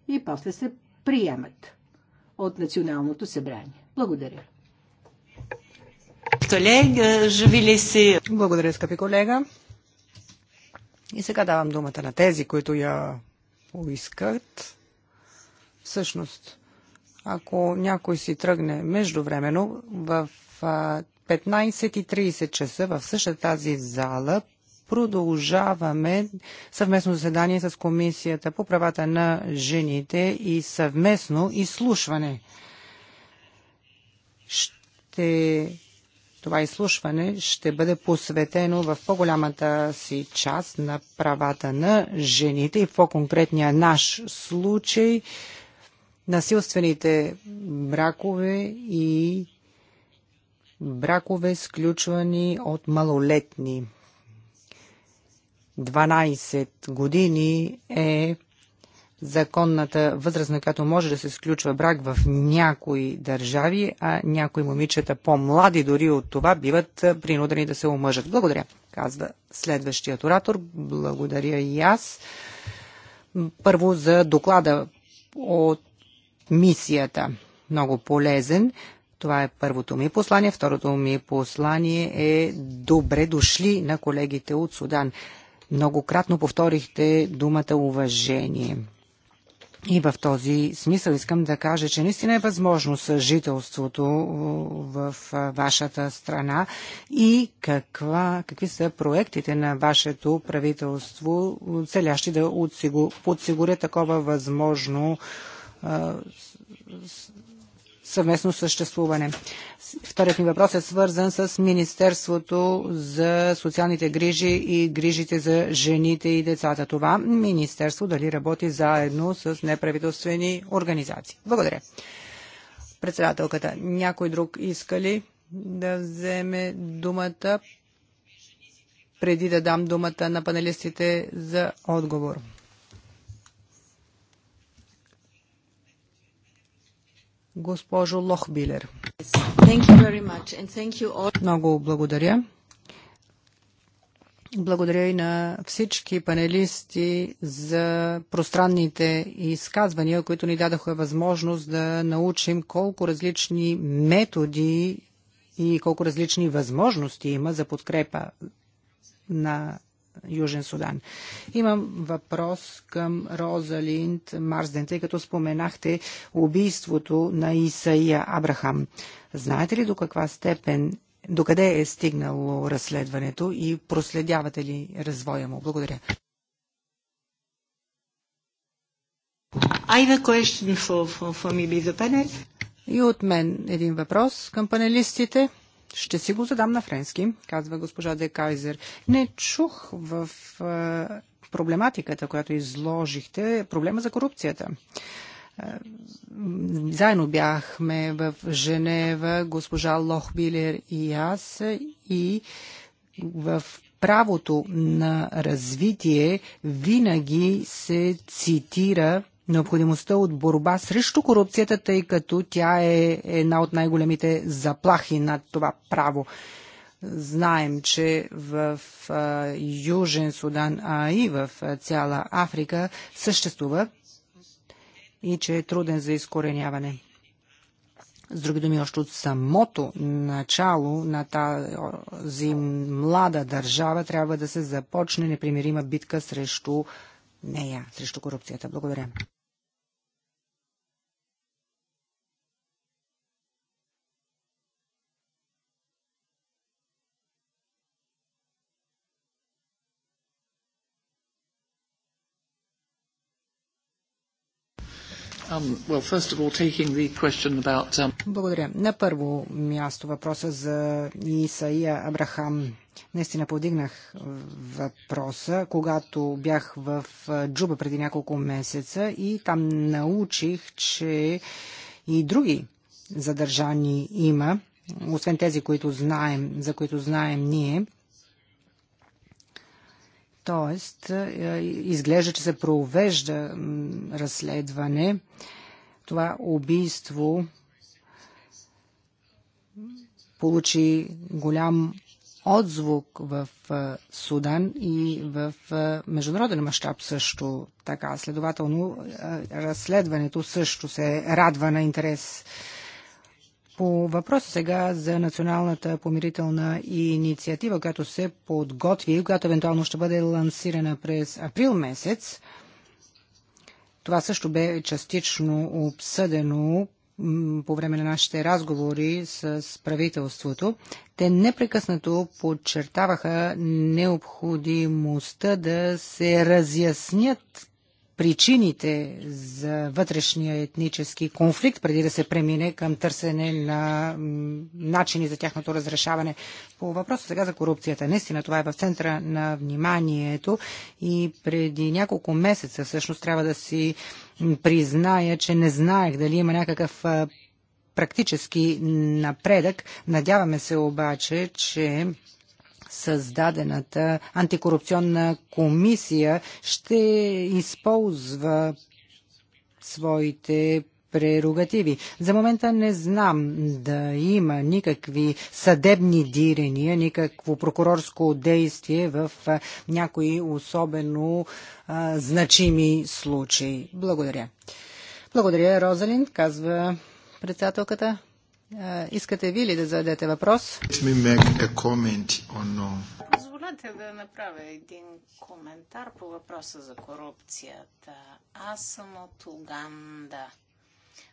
и после се приемат от Националното събрание. Благодаря. Благодаря, скъпи колега. И сега давам думата на тези, които я поискат. Всъщност, ако някой си тръгне междувременно в 15.30 часа в същата тази зала продължаваме съвместно заседание с Комисията по правата на жените и съвместно изслушване. Ще... Това изслушване ще бъде посветено в по-голямата си част на правата на жените и по-конкретния наш случай насилствените бракове и бракове, сключвани от малолетни. 12 години е законната възраст, на която може да се сключва брак в някои държави, а някои момичета по-млади дори от това биват принудени да се омъжат. Благодаря, казва следващият оратор. Благодаря и аз. Първо за доклада от мисията. Много полезен. Това е първото ми послание. Второто ми послание е добре дошли на колегите от Судан. Многократно повторихте думата уважение. И в този смисъл искам да кажа, че наистина е възможно съжителството в вашата страна и каква, какви са проектите на вашето правителство, целящи да подсигурят такова възможно съвместно съществуване. Вторият ми въпрос е свързан с Министерството за социалните грижи и грижите за жените и децата. Това министерство дали работи заедно с неправителствени организации? Благодаря. Председателката, някой друг иска ли да вземе думата преди да дам думата на панелистите за отговор? Госпожо Лохбилер. Много благодаря. Благодаря и на всички панелисти за пространните изказвания, които ни дадоха възможност да научим колко различни методи и колко различни възможности има за подкрепа на Южен Судан. Имам въпрос към Розалинд Марсден, тъй като споменахте убийството на Исаия Абрахам. Знаете ли до каква степен, до къде е стигнало разследването и проследявате ли развоя му? Благодаря. I have a question for, for, for me, the panel. И от мен един въпрос към панелистите. Ще си го задам на френски, казва госпожа Де Кайзер. Не чух в е, проблематиката, която изложихте, проблема за корупцията. Е, заедно бяхме в Женева, госпожа Лохбилер и аз и в правото на развитие винаги се цитира необходимостта от борба срещу корупцията, тъй като тя е една от най-големите заплахи над това право. Знаем, че в Южен Судан, а и в цяла Африка съществува и че е труден за изкореняване. С други думи, още от самото начало на тази млада държава трябва да се започне непримирима битка срещу нея, срещу корупцията. Благодаря. Um, um, Благодаря. На първо място въпроса за Исаия Абрахам. Наистина подигнах въпроса, когато бях в Джуба преди няколко месеца и там научих, че и други задържани има, освен тези, които знаем, за които знаем ние. Тоест, е, изглежда, че се провежда разследване. Това убийство получи голям отзвук в е, Судан и в е, международен мащаб също така. Следователно, разследването също се радва на интерес по въпроса сега за националната помирителна инициатива, която се подготви и която евентуално ще бъде лансирана през април месец, това също бе частично обсъдено по време на нашите разговори с правителството, те непрекъснато подчертаваха необходимостта да се разяснят причините за вътрешния етнически конфликт, преди да се премине към търсене на начини за тяхното разрешаване. По въпроса сега за корупцията. Наистина това е в центъра на вниманието и преди няколко месеца всъщност трябва да си призная, че не знаех дали има някакъв практически напредък. Надяваме се обаче, че създадената антикорупционна комисия ще използва своите прерогативи. За момента не знам да има никакви съдебни дирения, никакво прокурорско действие в някои особено а, значими случаи. Благодаря. Благодаря, Розалин, казва председателката. Е, искате ви ли да зададете въпрос? Uh, Позволете да направя един коментар по въпроса за корупцията. Аз съм от Уганда.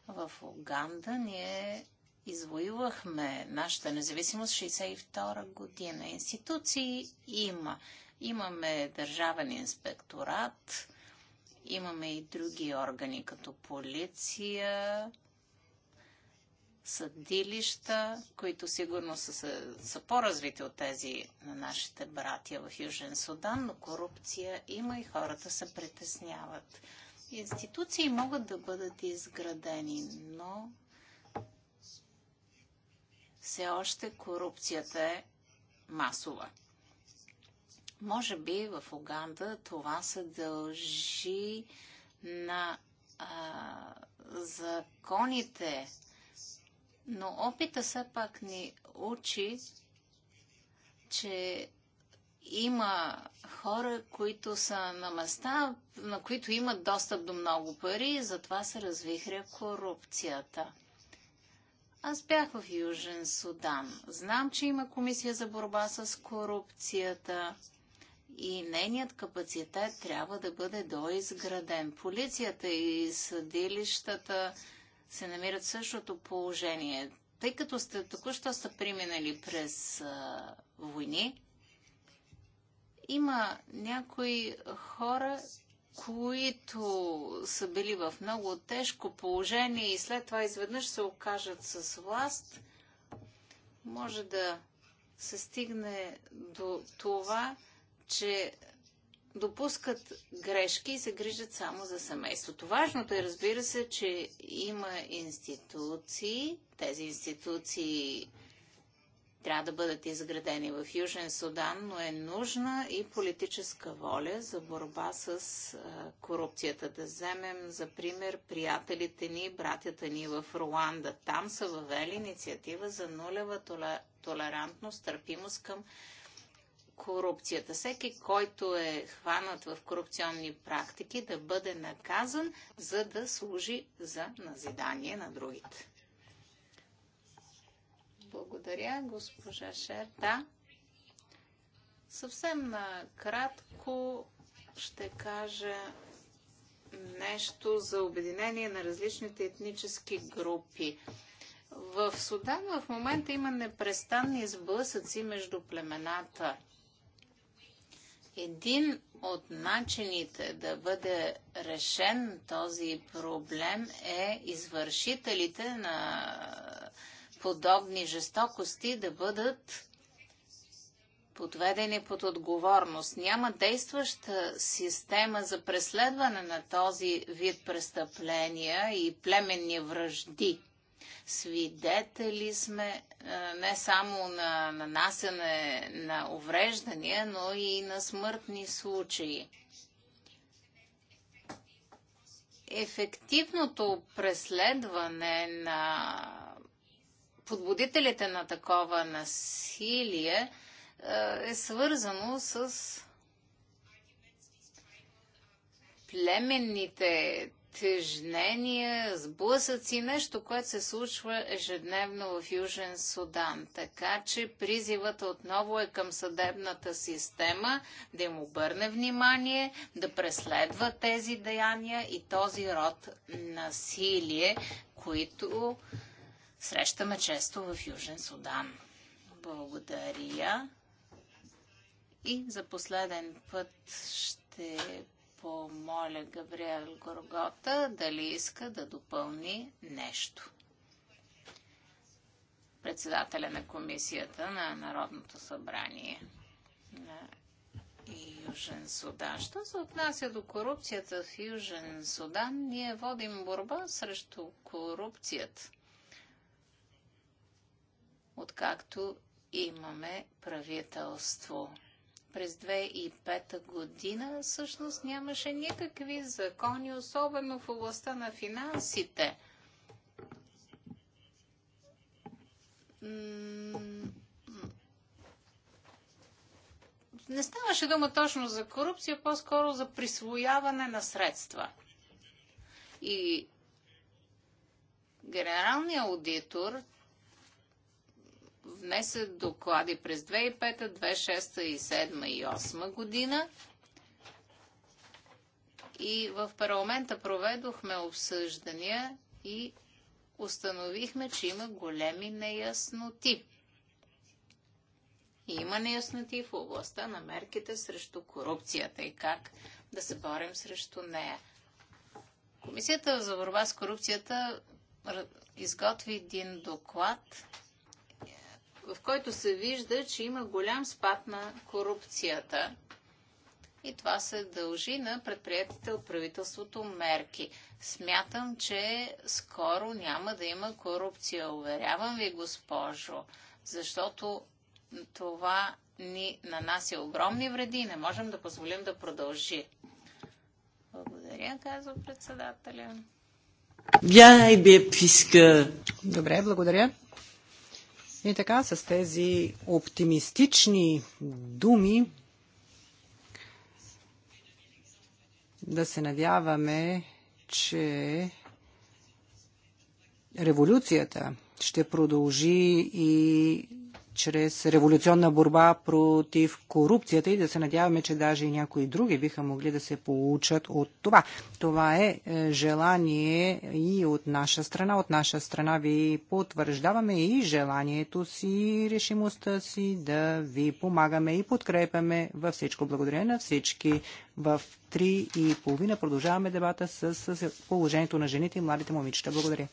В Уганда ние извоювахме нашата независимост 62 година. Институции има. Имаме държавен инспекторат, имаме и други органи, като полиция, съдилища, които сигурно са, са, са по-развити от тези на нашите братия в Южен Судан, но корупция има и хората се притесняват. Институции могат да бъдат изградени, но все още корупцията е масова. Може би в Уганда това се дължи на а, законите, но опита все пак ни учи, че има хора, които са на места, на които имат достъп до много пари и затова се развихря корупцията. Аз бях в Южен Судан. Знам, че има комисия за борба с корупцията и нейният капацитет трябва да бъде доизграден. Полицията и съдилищата се намират в същото положение. Тъй като сте току-що са преминали през а, войни, има някои хора, които са били в много тежко положение и след това изведнъж се окажат с власт, може да се стигне до това, че допускат грешки и се грижат само за семейството. Важното е, разбира се, че има институции. Тези институции трябва да бъдат изградени в Южен Судан, но е нужна и политическа воля за борба с а, корупцията. Да вземем за пример приятелите ни, братята ни в Руанда. Там са въвели инициатива за нулева толерантност, търпимост към корупцията. Всеки, който е хванат в корупционни практики, да бъде наказан, за да служи за назидание на другите. Благодаря, госпожа Шерта. Съвсем накратко ще кажа нещо за обединение на различните етнически групи. В Судан в момента има непрестанни сблъсъци между племената – един от начините да бъде решен този проблем е извършителите на подобни жестокости да бъдат подведени под отговорност. Няма действаща система за преследване на този вид престъпления и племенни връжди. Свидетели сме не само на нанасене на увреждания, но и на смъртни случаи. Ефективното преследване на подбудителите на такова насилие е свързано с племенните тъжнения, сблъсъци, нещо, което се случва ежедневно в Южен Судан. Така че призивът отново е към съдебната система да им обърне внимание, да преследва тези деяния и този род насилие, които срещаме често в Южен Судан. Благодаря. И за последен път ще помоля Габриел Горгота дали иска да допълни нещо. Председателя на комисията на Народното събрание на Южен Судан. Що се отнася до корупцията в Южен Судан, ние водим борба срещу корупцията. Откакто имаме правителство през 2005 година всъщност нямаше никакви закони, особено в областта на финансите. Не ставаше дума точно за корупция, по-скоро за присвояване на средства. И генералният аудитор внесе доклади през 2005, 2006 и 2007 и 2008 година. И в парламента проведохме обсъждания и установихме, че има големи неясноти. И има неясноти в областта на мерките срещу корупцията и как да се борим срещу нея. Комисията за борба с корупцията изготви един доклад в който се вижда, че има голям спад на корупцията. И това се дължи на предприятите от правителството мерки. Смятам, че скоро няма да има корупция, уверявам ви, госпожо, защото това ни нанася огромни вреди и не можем да позволим да продължи. Благодаря, казва председателя. Eh Добре, благодаря. И така, с тези оптимистични думи да се надяваме, че революцията ще продължи и чрез революционна борба против корупцията и да се надяваме, че даже и някои други биха могли да се получат от това. Това е, е желание и от наша страна. От наша страна ви потвърждаваме и желанието си, решимостта си да ви помагаме и подкрепяме във всичко. Благодаря на всички. В 3 и половина продължаваме дебата с положението на жените и младите момичета. Благодаря.